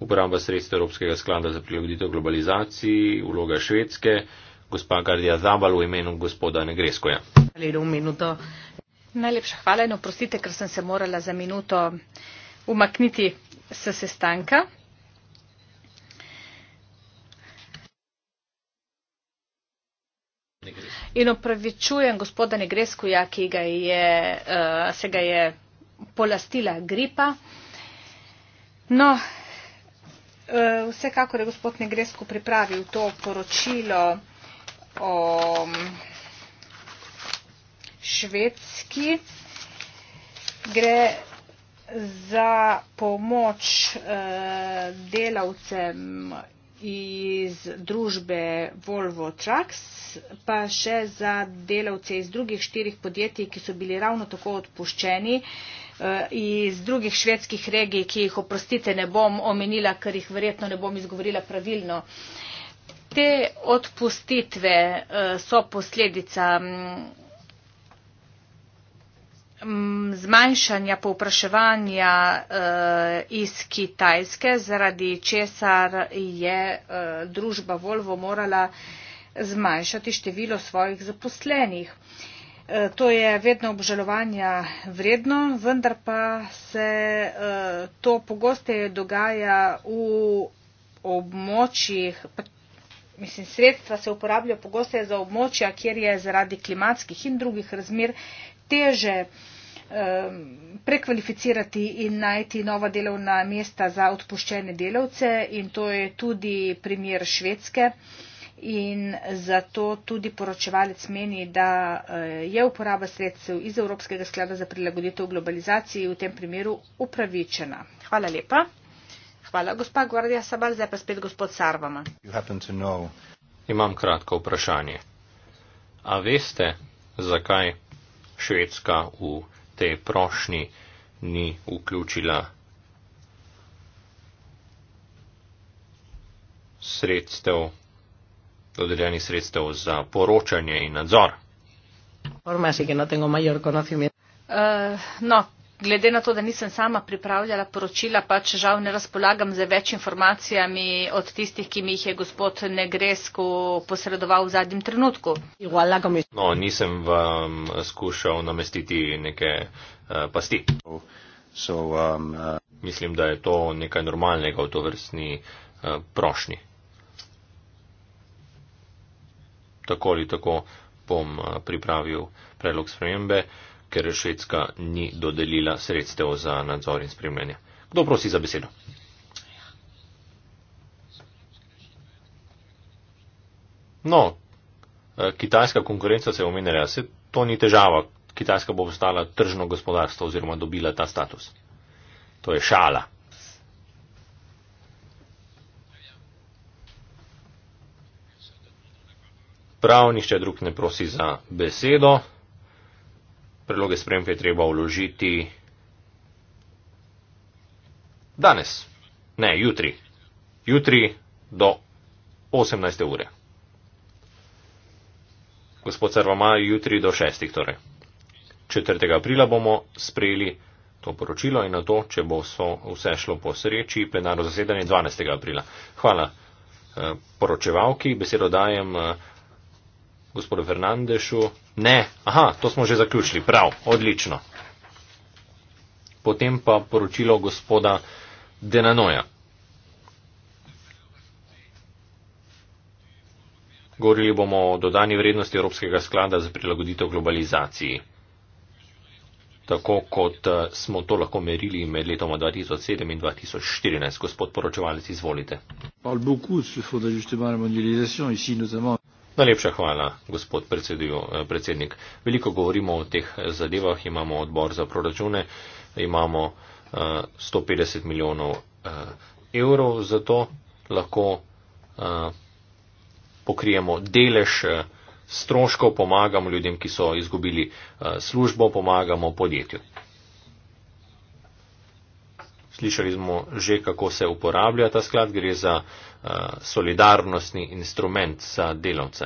Uporaba sredstva Evropskega sklada za prilagoditev globalizaciji, vloga Švedske, gospa Gardija Zabal v imenu gospoda Negreskoja. Najlepša hvala in oprostite, ker sem se morala za minuto umakniti s sestanka. In opravičujem gospoda Negreskuja, ki ga je, eh, se ga je polastila gripa. No, eh, vsekakor je gospod Negresku pripravil to poročilo o švedski. Gre za pomoč eh, delavcem iz družbe Volvo Trucks, pa še za delavce iz drugih štirih podjetij, ki so bili ravno tako odpuščeni eh, iz drugih švedskih regij, ki jih oprostite ne bom omenila, ker jih verjetno ne bom izgovorila pravilno. Te odpustitve eh, so posledica mm, zmanjšanja povpraševanja eh, iz Kitajske, zaradi česar je eh, družba Volvo morala zmanjšati število svojih zaposlenih. Eh, to je vedno obžalovanja vredno, vendar pa se to pogosteje dogaja v območjih, mislim, sredstva se uporabljajo pogosteje za območja, kjer je zaradi klimatskih in drugih razmer teže ehm, prekvalificirati in najti nova delovna mesta za odpuščene delavce in to je tudi primer Švedske in zato tudi poročevalec meni, da eh, je uporaba sredstev iz Evropskega sklada za prilagoditev globalizaciji v tem primeru upravičena. Hvala lepa. Hvala, gospa Guardia Sabal, zdaj pa spet gospod Sarvama. Imam kratko vprašanje. A veste, zakaj Švedska v tej prošnji ni vključila sredstev, dodeljenih sredstev za poročanje in nadzor. Uh, no, glede na to, da nisem sama pripravljala poročila, pač žal ne razpolagam za več informacijami od tistih, ki mi jih je gospod Negresko posredoval v zadnjem trenutku. No, nisem vam skušal namestiti neke uh, pasti. So, um, uh... Mislim, da je to nekaj normalnega v to vrstni uh, eh, prošnji. Tako ali tako bom uh, pripravil predlog spremembe ker Švedska ni dodelila sredstev za nadzor in spremljanje. Kdo prosi za besedo? No, eh, kitajska konkurenca se je omenjala, se to ni težava. Kitajska bo postala tržno gospodarstvo oziroma dobila ta status. To je šala. Prav nišče drug ne prosi za besedo predloge sprememb je treba vložiti danes, ne jutri, jutri do 18. ure. Gospod Sarvama, jutri do 6. torej. 4. aprila bomo sprejeli to poročilo in na to, če bo vse šlo po sreči, plenarno zasedanje 12. aprila. Hvala eh, poročevalki, besedo dajem eh, gospodu Fernandešu. Ne, aha, to smo že zaključili. Prav, odlično. Potem pa poročilo gospoda Denanoja. Govorili bomo o dodani vrednosti Evropskega sklada za prilagoditev globalizaciji. Tako kot eh, smo to lahko merili med letoma 2007 in 2014. Gospod poročevalec, izvolite. Najlepša hvala, gospod eh, predsednik. Veliko govorimo o teh zadevah, imamo odbor za proračune, imamo 150 eh, milijonov eh, evrov za to, lahko pokrijemo delež stroškov, pomagamo ljudem, ki so izgubili službo, pomagamo podjetju. Slišali smo že, kako se uporablja ta sklad, gre za Eh, solidarnostni instrument za delavce,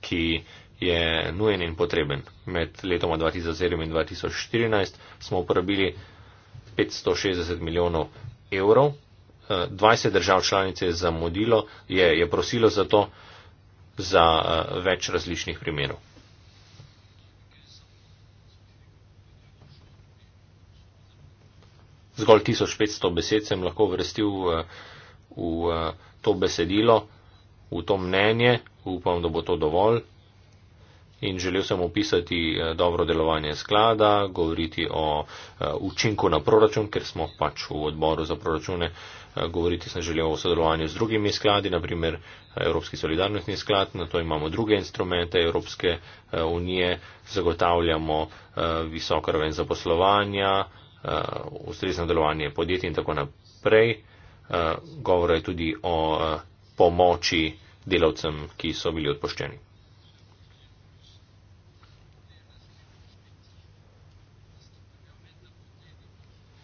ki je nujen in potreben. Med letoma 2007 in 2014 smo uporabili 560 milijonov evrov, 20 eh, držav članic je zamudilo, je, je prosilo za to za eh, več različnih primerov. Zgolj 1500 besed sem lahko vrstil v v eh, to besedilo, v to mnenje, upam, da bo to dovolj. In želel sem opisati eh, dobro delovanje sklada, govoriti o eh, učinku na proračun, ker smo pač v odboru za proračune, govoriti sem želel o sodelovanju z drugimi skladi, naprimer Evropski solidarnostni sklad, na to imamo druge instrumente Evropske unije, zagotavljamo visoko raven zaposlovanja, ustrezno delovanje podjetij in tako naprej. Eh, govora je tudi o eh, pomoči delavcem, ki so bili odpoščeni.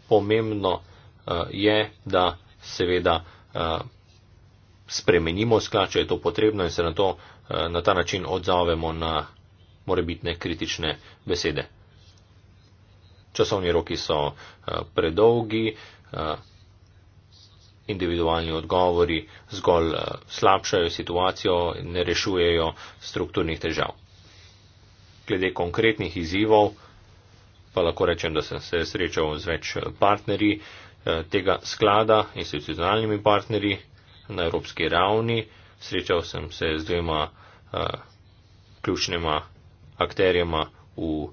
Pomembno eh, je, da seveda spremenimo sklad, če je to potrebno in se na, to, na ta način odzovemo na morebitne kritične besede. Časovni roki so predolgi, individualni odgovori zgolj eh, slabšajo situacijo in ne rešujejo strukturnih težav. Glede konkretnih izzivov pa lahko rečem, da sem se srečal z več eh, partnerji eh, tega sklada, institucionalnimi partnerji na evropski ravni. Srečal sem se z dvema ključnima akterjema v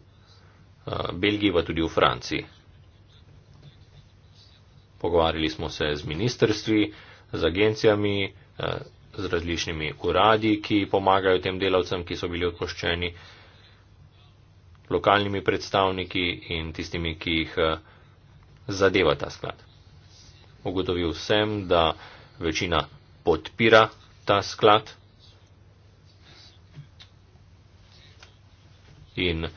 Belgiji, pa tudi v Franciji. Pogovarjali smo se z ministrstvi, z agencijami, eh, z različnimi uradi, ki pomagajo tem delavcem, ki so bili odpoščeni, lokalnimi predstavniki in tistimi, ki jih eh, zadeva ta sklad. Ugotovil sem, da večina podpira ta sklad in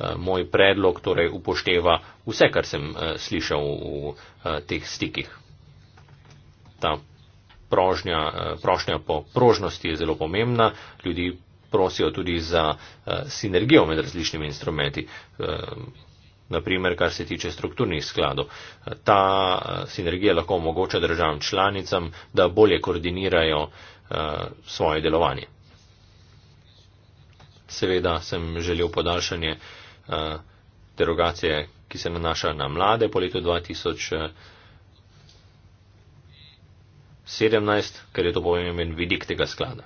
Eh, moj predlog torej upošteva vse, kar sem eh, slišal v eh, teh stikih. Ta prožnja, prošnja po prožnosti je zelo pomembna. Ljudi prosijo tudi za sinergijo med različnimi instrumenti. Naprimer, kar se tiče strukturnih skladov. Ta sinergija lahko omogoča državam članicam, da bolje koordinirajo svoje delovanje. Seveda sem želel podaljšanje uh, Eh, derogacije, ki se nanaša na mlade po letu 2017, ker je to pomemben vidik tega sklada.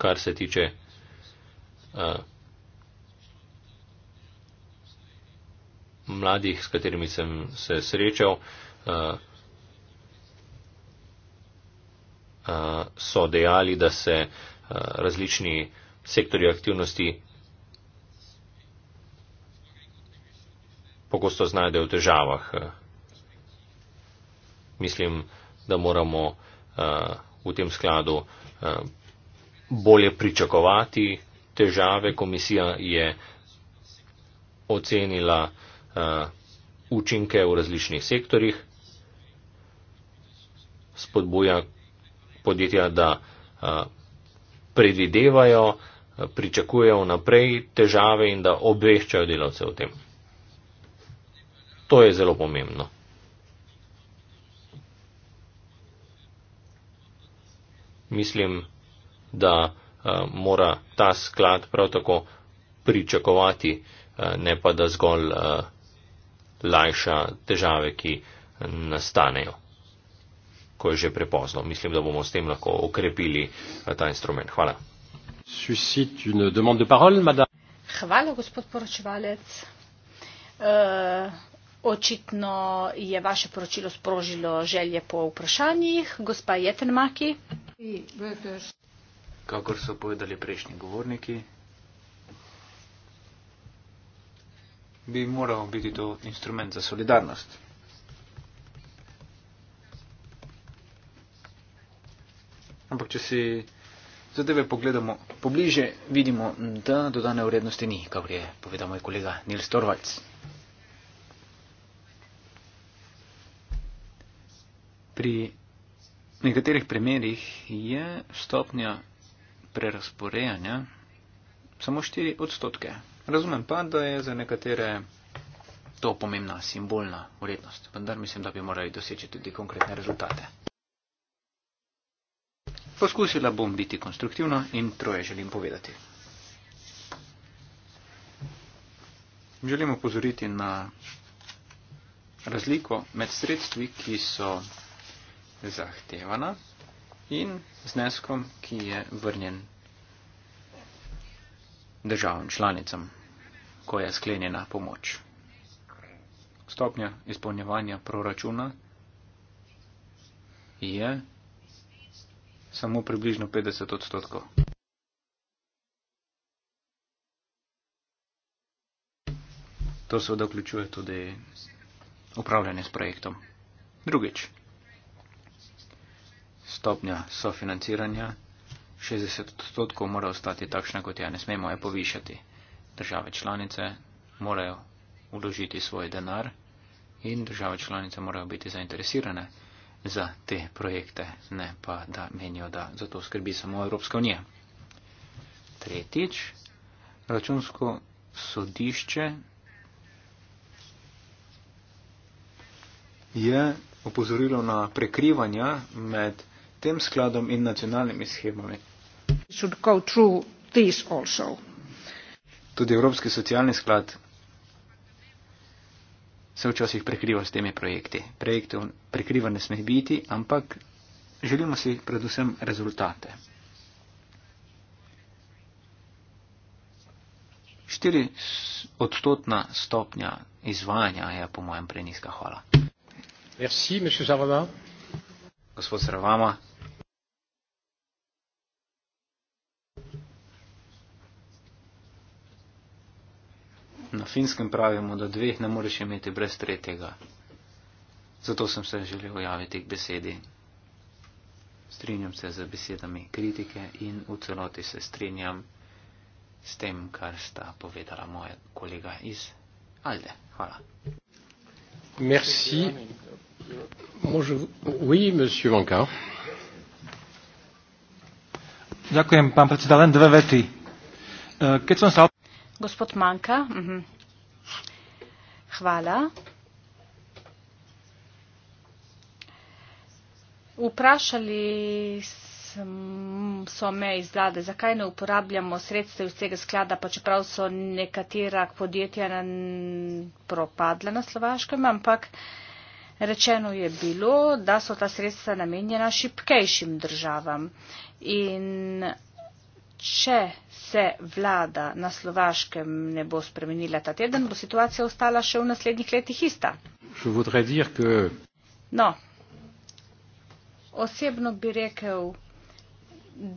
Kar se tiče uh, mladih, s katerimi sem se srečal, uh, uh, so dejali, da se uh, različni uh, sektorju aktivnosti pogosto znajdejo v težavah. Mislim, da moramo eh, v tem skladu eh, bolje pričakovati težave. Komisija je ocenila eh, učinke v različnih sektorjih, spodbuja podjetja, da predvidevajo, pričakujejo vnaprej težave in da obveščajo delavce o tem. To je zelo pomembno. Mislim, da uh, mora ta sklad prav tako pričakovati, uh, ne pa da zgolj uh, lajša težave, ki nastanejo ko je že prepozno. Mislim, da bomo s tem lahko okrepili eh, ta instrument. Hvala. Hvala, gospod poročevalec. Eh, očitno je vaše poročilo sprožilo želje po vprašanjih. Gospa Jetenmaki. Kakor so povedali prejšnji govorniki, bi moral biti to instrument za solidarnost. Ampak, če si zadeve pogledamo pobliže, vidimo, da dodane vrednosti ni, kako je povedal moj kolega Nils Torvalc. Pri nekaterih primerjih je stopnja prerasporejanja samo 4 odstotke. Razumem pa, da je za nekatere to pomembna simbolna vrednost, vendar mislim, da bi morali doseči tudi konkretne rezultate. Poskusila bom biti konstruktivna in troje želim povedati. Želim upozoriti na razliko med sredstvi, ki so zahtevana in zneskom, ki je vrnjen državam članicam, ko je sklenjena pomoč. Stopnja izpolnjevanja proračuna je samo približno 50 odstotkov. To seveda vključuje tudi upravljanje s projektom. Drugič, stopnja sofinanciranja 60 odstotkov mora ostati takšna, kot je. Ne smemo je povišati. Države članice morajo uložiti svoj denar in države članice morajo biti zainteresirane, za te projekte, ne pa da menijo, da za to skrbi samo Evropska unija. Tretjič, računsko sodišče je opozorilo na prekrivanja med tem skladom in nacionalnimi schemami. Tudi Evropski socialni sklad se včasih prekriva s temi projekti. Projektov prekriva ne sme biti, ampak želimo si predvsem rezultate. Štiri odstotna stopnja izvajanja je po mojem preniska. Hvala. Merci, Gospod Sravama, na finskem pravimo, da dveh ne moreš imeti brez tretjega. Zato sem se želel javiti k besedi. Strinjam se z besedami kritike in v celoti se strinjam s tem, kar sta povedala moja kolega iz Alde. Hvala. Merci. Može... Oui, monsieur Vankar. Zdravo, pan predsedalen, dve veti. Uh, e, keď som sa Gospod Manka. Uh mhm. -huh. Hvala. Vprašali so me iz vlade, zakaj ne uporabljamo sredstev iz tega sklada, pa čeprav so nekatera podjetja propadla na Slovaškem, ampak rečeno je bilo, da so ta sredstva namenjena šipkejšim državam. In če se vlada na Slovaškem ne bo spremenila ta teden, bo situacija ostala še v naslednjih letih ista. Que... No, osebno bi rekel,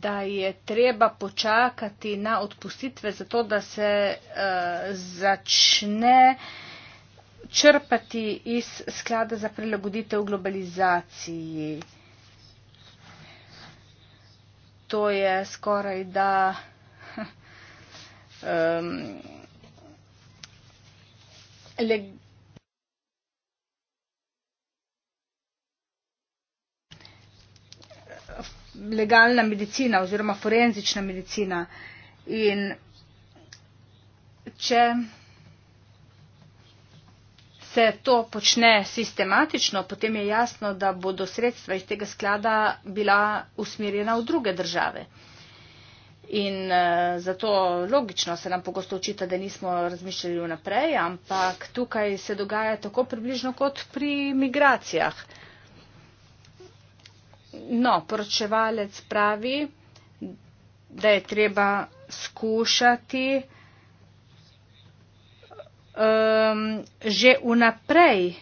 da je treba počakati na odpustitve, zato da se uh, začne črpati iz sklada za prilagoditev globalizaciji to je skoraj da um, le, legalna medicina oziroma forenzična medicina. In če se to počne sistematično, potem je jasno, da bodo sredstva iz tega sklada bila usmerjena v druge države. In eh, zato logično se nam pogosto očita, da nismo razmišljali vnaprej, ampak tukaj se dogaja tako približno kot pri migracijah. No, poročevalec pravi, da je treba skušati uh, um, že vnaprej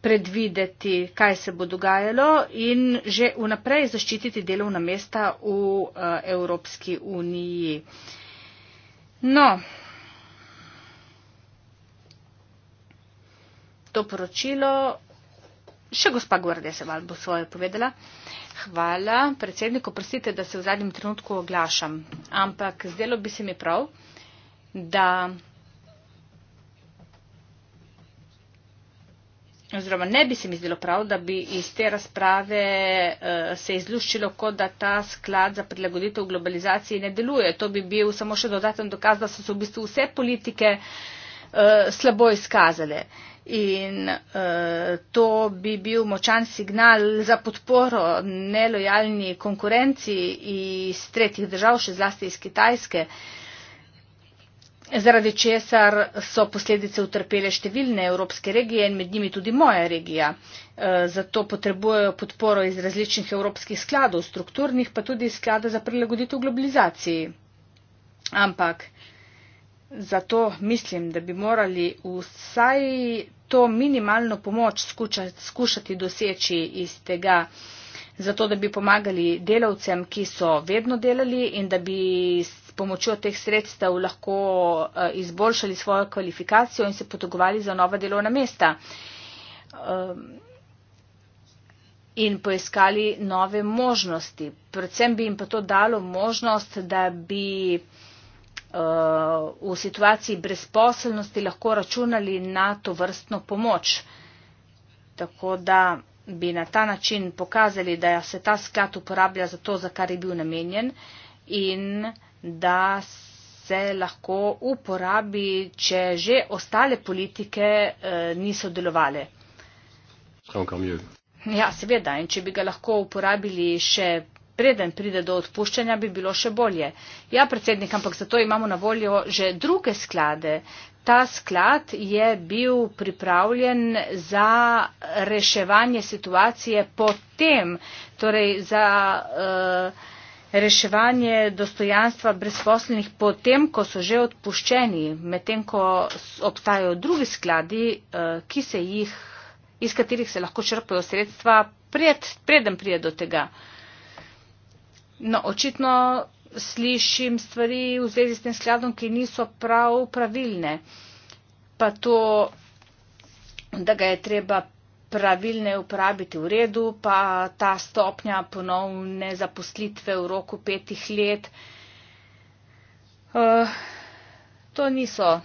predvideti, kaj se bo dogajalo in že vnaprej zaščititi delovna mesta v uh, Evropski uniji. No, to poročilo. Še gospa Gorde se vam bo svoje povedala. Hvala, predsedniku, prosite, da se v zadnjem trenutku oglašam. Ampak zdelo bi se mi prav, da oziroma ne bi se mi zdelo prav, da bi iz te razprave eh, se izluščilo, kot da ta sklad za prilagoditev globalizaciji ne deluje. To bi bil samo še dodaten dokaz, da so se v bistvu vse politike eh, slabo izkazale. In uh, to bi bil močan signal za podporo nelojalni konkurenci iz tretjih držav, še zlasti iz Kitajske. Uh, zaradi česar so posledice utrpele številne evropske regije in med njimi tudi moja regija. E, zato potrebujejo podporo iz različnih evropskih skladov, strukturnih pa tudi iz sklada za prilagoditev globalizaciji. Ampak zato mislim, da bi morali vsaj to minimalno pomoč skušati, skušati doseči iz tega, zato da bi pomagali delavcem, ki so vedno delali in da bi pomočjo teh sredstev lahko eh, izboljšali svojo kvalifikacijo in se potogovali za nova delovna mesta ehm, in poiskali nove možnosti. Predvsem bi jim pa to dalo možnost, da bi eh, v situaciji brezposelnosti lahko računali na to vrstno pomoč. Tako da bi na ta način pokazali, da se ta sklad uporablja za to, za kar je bil namenjen in da se lahko uporabi, če že ostale politike eh, niso delovale. Ja, seveda. In če bi ga lahko uporabili še preden pride do odpuščanja, bi bilo še bolje. Ja, predsednik, ampak zato imamo na voljo že druge sklade. Ta sklad je bil pripravljen za reševanje situacije potem, torej za. Uh, reševanje dostojanstva brezposelnih potem, ko so že odpuščeni, medtem ko obstajajo drugi skladi, eh, jih, iz katerih se lahko črpajo sredstva, pred, preden prije do tega. No, očitno slišim stvari v zvezi s tem skladom, ki niso prav pravilne. Pa to, da ga je treba pravilne uporabiti v redu, pa ta stopnja ponovne zaposlitve v roku petih let. Uh, to niso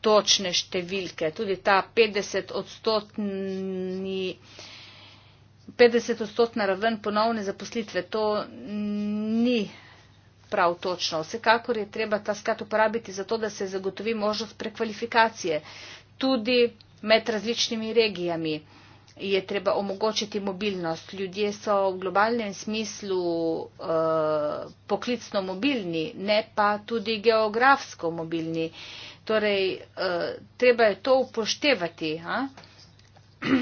točne številke. Tudi ta 50-odstotna raven ponovne zaposlitve, to ni prav točno. Vsekakor je treba ta sklad uporabiti za to, da se zagotovi možnost prekvalifikacije. Tudi med različnimi regijami je treba omogočiti mobilnost. Ljudje so v globalnem smislu eh, poklicno mobilni, ne pa tudi geografsko mobilni. Torej, eh, treba je to upoštevati. A?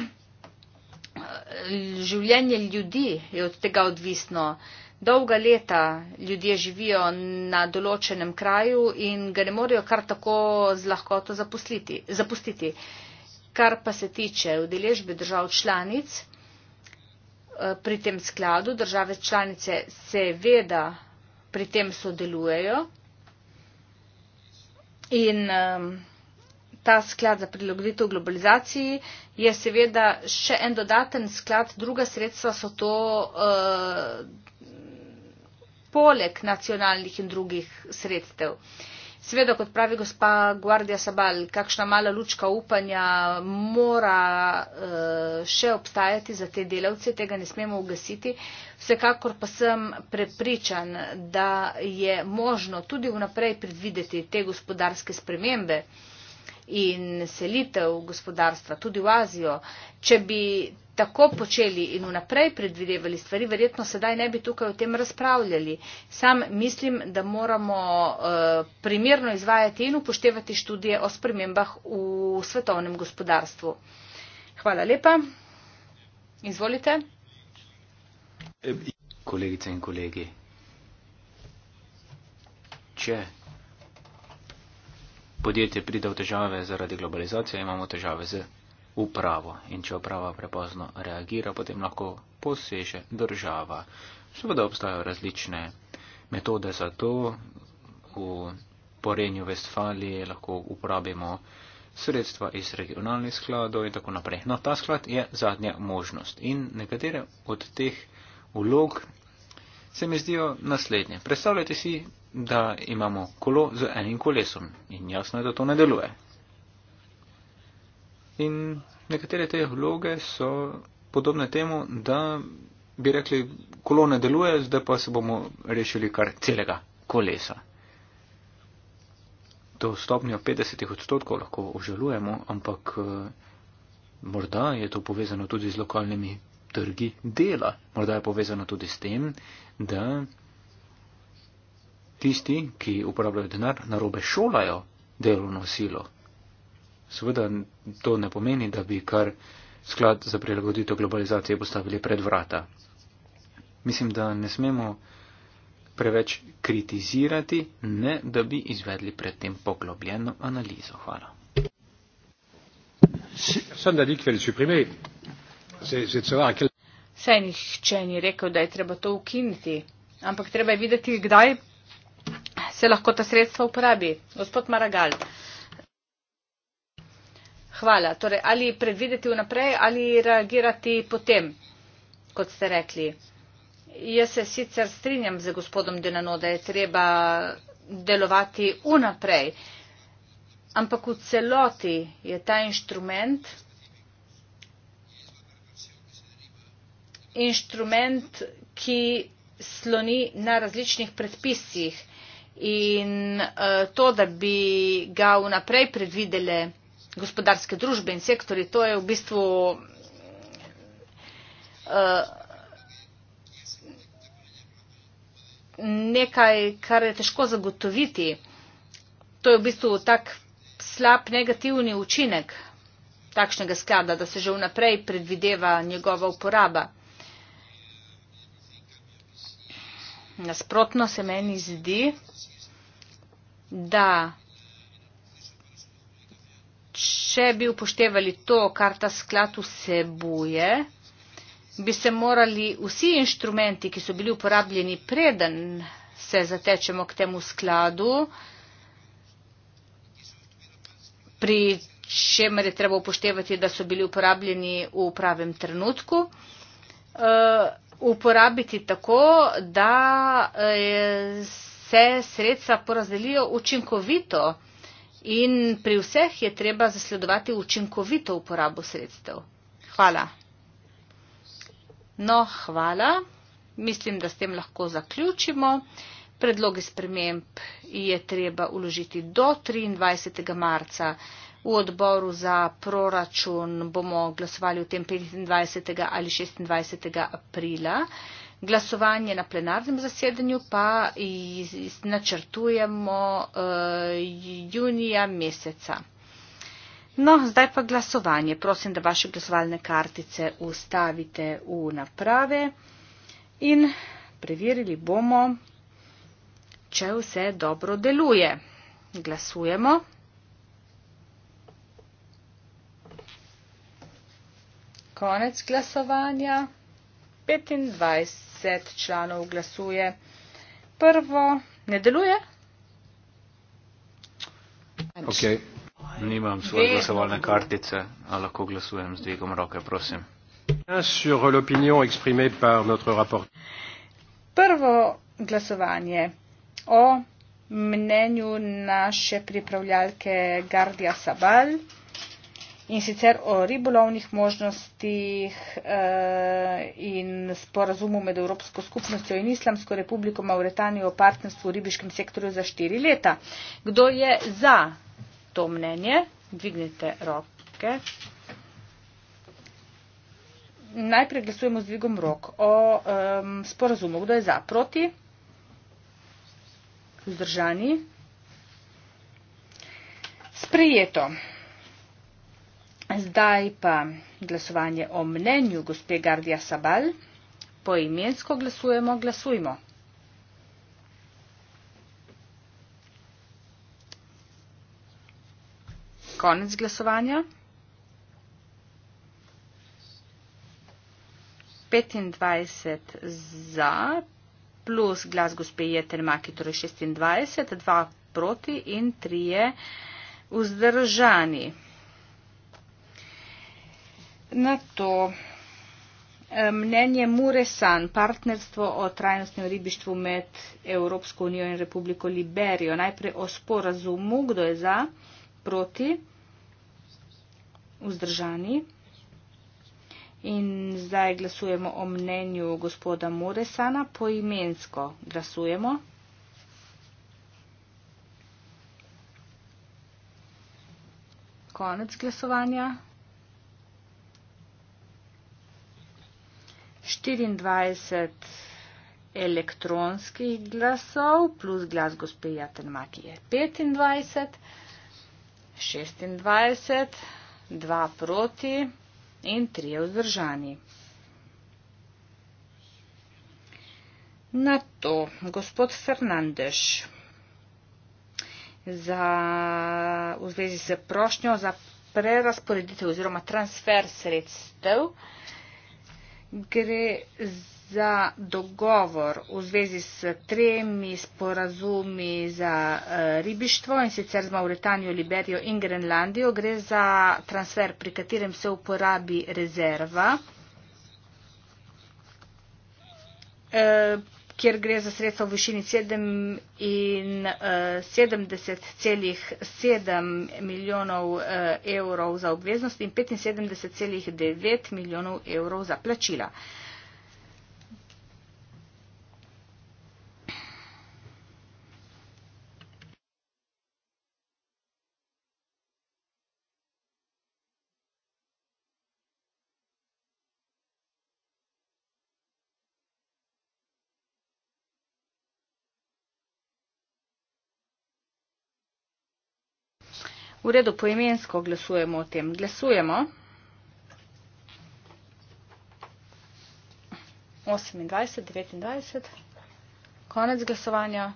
Življenje ljudi je od tega odvisno. Dolga leta ljudje živijo na določenem kraju in ga ne morejo kar tako z lahkoto zapustiti. Kar pa se tiče udeležbe držav članic eh, pri tem skladu, države članice seveda pri tem sodelujejo in ehm, ta sklad za prilagoditev globalizaciji je seveda še en dodaten sklad, druga sredstva so to eh, poleg nacionalnih in drugih sredstev. Seveda, kot pravi gospa Guardia Sabal, kakšna mala lučka upanja mora eh, še obstajati za te delavce, tega ne smemo ugasiti. Vsekakor pa sem prepričan, da je možno tudi vnaprej predvideti te gospodarske spremembe in selitev gospodarstva tudi v Azijo, če bi tako počeli in vnaprej predvidevali stvari, verjetno sedaj ne bi tukaj o tem razpravljali. Sam mislim, da moramo uh, primerno izvajati in upoštevati študije o spremembah v svetovnem gospodarstvu. Hvala lepa. Izvolite. Kolegice in kolegi, če podjetje pride v težave zaradi globalizacije, imamo težave z upravo. In če uprava prepozno reagira, potem lahko poseže država. Seveda obstajajo različne metode za to. V porenju Vestfalije lahko uporabimo sredstva iz regionalnih skladov in tako naprej. No, ta sklad je zadnja možnost. In nekatere od teh vlog se mi zdijo naslednje. Predstavljajte si, da imamo kolo z enim kolesom in jasno je, da to ne deluje. In nekatere te vloge so podobne temu, da bi rekli, kolo ne deluje, zdaj pa se bomo rešili kar celega kolesa. To stopnjo 50 odstotkov lahko oželujemo, ampak eh, morda je to povezano tudi z lokalnimi trgi dela. Morda je povezano tudi s tem, da tisti, ki uporabljajo denar, narobe šolajo delovno silo. Seveda to ne pomeni, da bi kar sklad za prilagoditev globalizacije postavili pred vrata. Mislim, da ne smemo preveč kritizirati, ne da bi izvedli predtem poglobljeno analizo. Hvala. Si, Saj nihče ni rekel, da je treba to ukiniti, ampak treba je videti, kdaj se lahko ta sredstva uporabi. Gospod Maragal. Hvala. Torej, ali predvideti vnaprej ali reagirati potem, kot ste rekli. Jaz se sicer strinjam z gospodom Denano, da je treba delovati vnaprej, ampak v celoti je ta inštrument inštrument, ki sloni na različnih predpisih in eh, to, da bi ga vnaprej predvidele gospodarske družbe in sektori, to je v bistvu eh, nekaj, kar je težko zagotoviti. To je v bistvu tak slab negativni učinek takšnega sklada, da se že vnaprej predvideva njegova uporaba. nasprotno se meni zdi, da če bi upoštevali to, kar ta sklad vsebuje, bi se morali vsi inštrumenti, ki so bili uporabljeni preden se zatečemo k temu skladu, pri čemer je treba upoštevati, da so bili uporabljeni v pravem trenutku, uh, uporabiti tako, da eh, se sredstva porazdelijo učinkovito in pri vseh je treba zasledovati učinkovito uporabo sredstev. Hvala. No, hvala. Mislim, da s tem lahko zaključimo. Predloge sprememb je treba uložiti do 23. marca 2020. V odboru za proračun bomo glasovali v tem 25. ali 26. aprila. Glasovanje na plenarnem zasedanju pa načrtujemo uh, junija meseca. No, zdaj pa glasovanje. Prosim, da vaše glasovalne kartice ustavite v naprave in preverili bomo, če vse dobro deluje. Glasujemo. konec glasovanja. 25 članov glasuje. Prvo, ne deluje? Ok, nimam svoje Dve. glasovalne kartice, a lahko glasujem z dvigom roke, prosim. Prvo glasovanje o mnenju naše pripravljalke Gardia Sabal in sicer o ribolovnih možnostih eh, in sporazumu med Evropsko skupnostjo in Islamsko republiko Mauretanijo o partnerstvu v ribiškem sektorju za štiri leta. Kdo je za to mnenje? Dvignite roke. Najprej glasujemo z dvigom rok o um, sporazumu. Kdo je za? Proti? Vzdržani? Sprejeto. Zdaj pa glasovanje o mnenju gospe Gardija Sabal. Poimensko glasujemo, glasujmo. Konec glasovanja. 25 za plus glas gospe Jetermaki, torej 26, 2 proti in 3 vzdržani na to eh, mnenje Muresan, partnerstvo o trajnostnem ribištvu med Evropsko unijo in Republiko Liberijo. Najprej o sporazumu, kdo je za, proti, vzdržani. In zdaj glasujemo o mnenju gospoda Muresana, poimensko glasujemo. Konec glasovanja. 24 elektronskih glasov plus glas gospe Jatenmaki je 25, 26, 2 proti in 3 vzdržani. Na to, gospod Fernandeš, za, v zvezi z prošnjo za prerasporeditev oziroma transfer sredstev, uh, gre za dogovor v zvezi s tremi sporazumi za eh, ribištvo in sicer z Mauretanijo, Liberijo in Grenlandijo. Gre za transfer, pri katerem se uporabi rezerva. Eh, kjer gre za sredstvo v višini 77,7 eh, milijonov eh, evrov za obveznosti in 75,9 milijonov evrov za plačila. V redu, poimensko glasujemo o tem. Glasujemo. 28, 29. Konec glasovanja.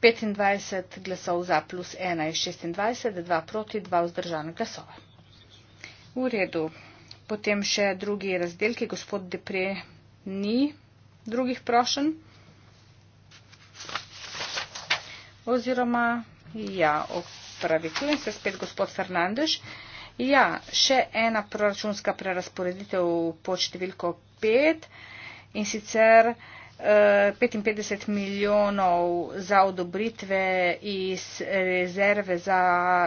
petindvajset glasov za plus ena je šestindvajset, dva proti dva vzdržana glasova. V redu. Potem še drugi razdelki, gospod Depre ni drugih prošenj. oziroma, ja, opravičujem se spet gospod Fernandeš. Ja, še ena proračunska prerasporeditev po številko 5 in sicer eh, 55 milijonov za odobritve iz rezerve za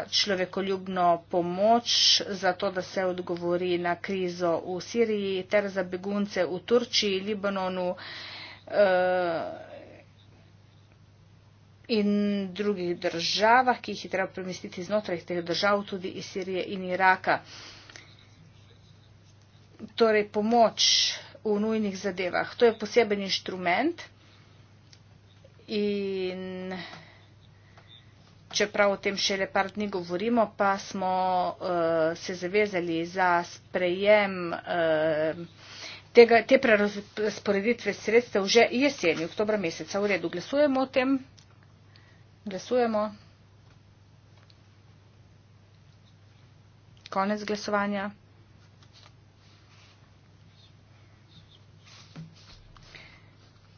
človekoljubno pomoč, za to, da se odgovori na krizo v Siriji ter za begunce v Turčiji, Libanonu. Eh, in drugih državah, ki jih je treba premestiti znotraj teh držav, tudi iz Sirije in Iraka. Torej, pomoč v nujnih zadevah. To je poseben inštrument in čeprav o tem šele par dni govorimo, pa smo uh, se zavezali za sprejem uh, tega, te prerazporeditve sredstev že jeseni, oktobra meseca. V redu, glasujemo o tem. Glasujemo. Konec glasovanja.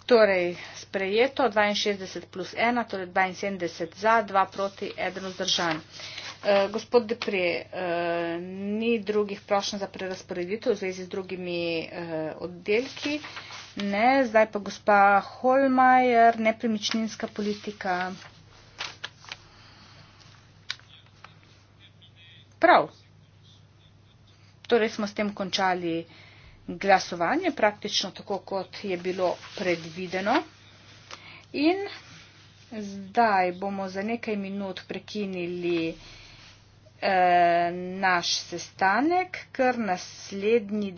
Torej, sprejeto 62 plus 1, torej 72 za, 2 proti, 1 vzdržan. E, gospod Depre, e, ni drugih prošenj za prerasporeditev v zvezi z drugimi e, oddelki? Ne, zdaj pa gospa Holmajer, nepremičninska politika. prav. Torej smo s tem končali glasovanje, praktično tako, kot je bilo predvideno. In zdaj bomo za nekaj minut prekinili eh, naš sestanek, ker naslednji del.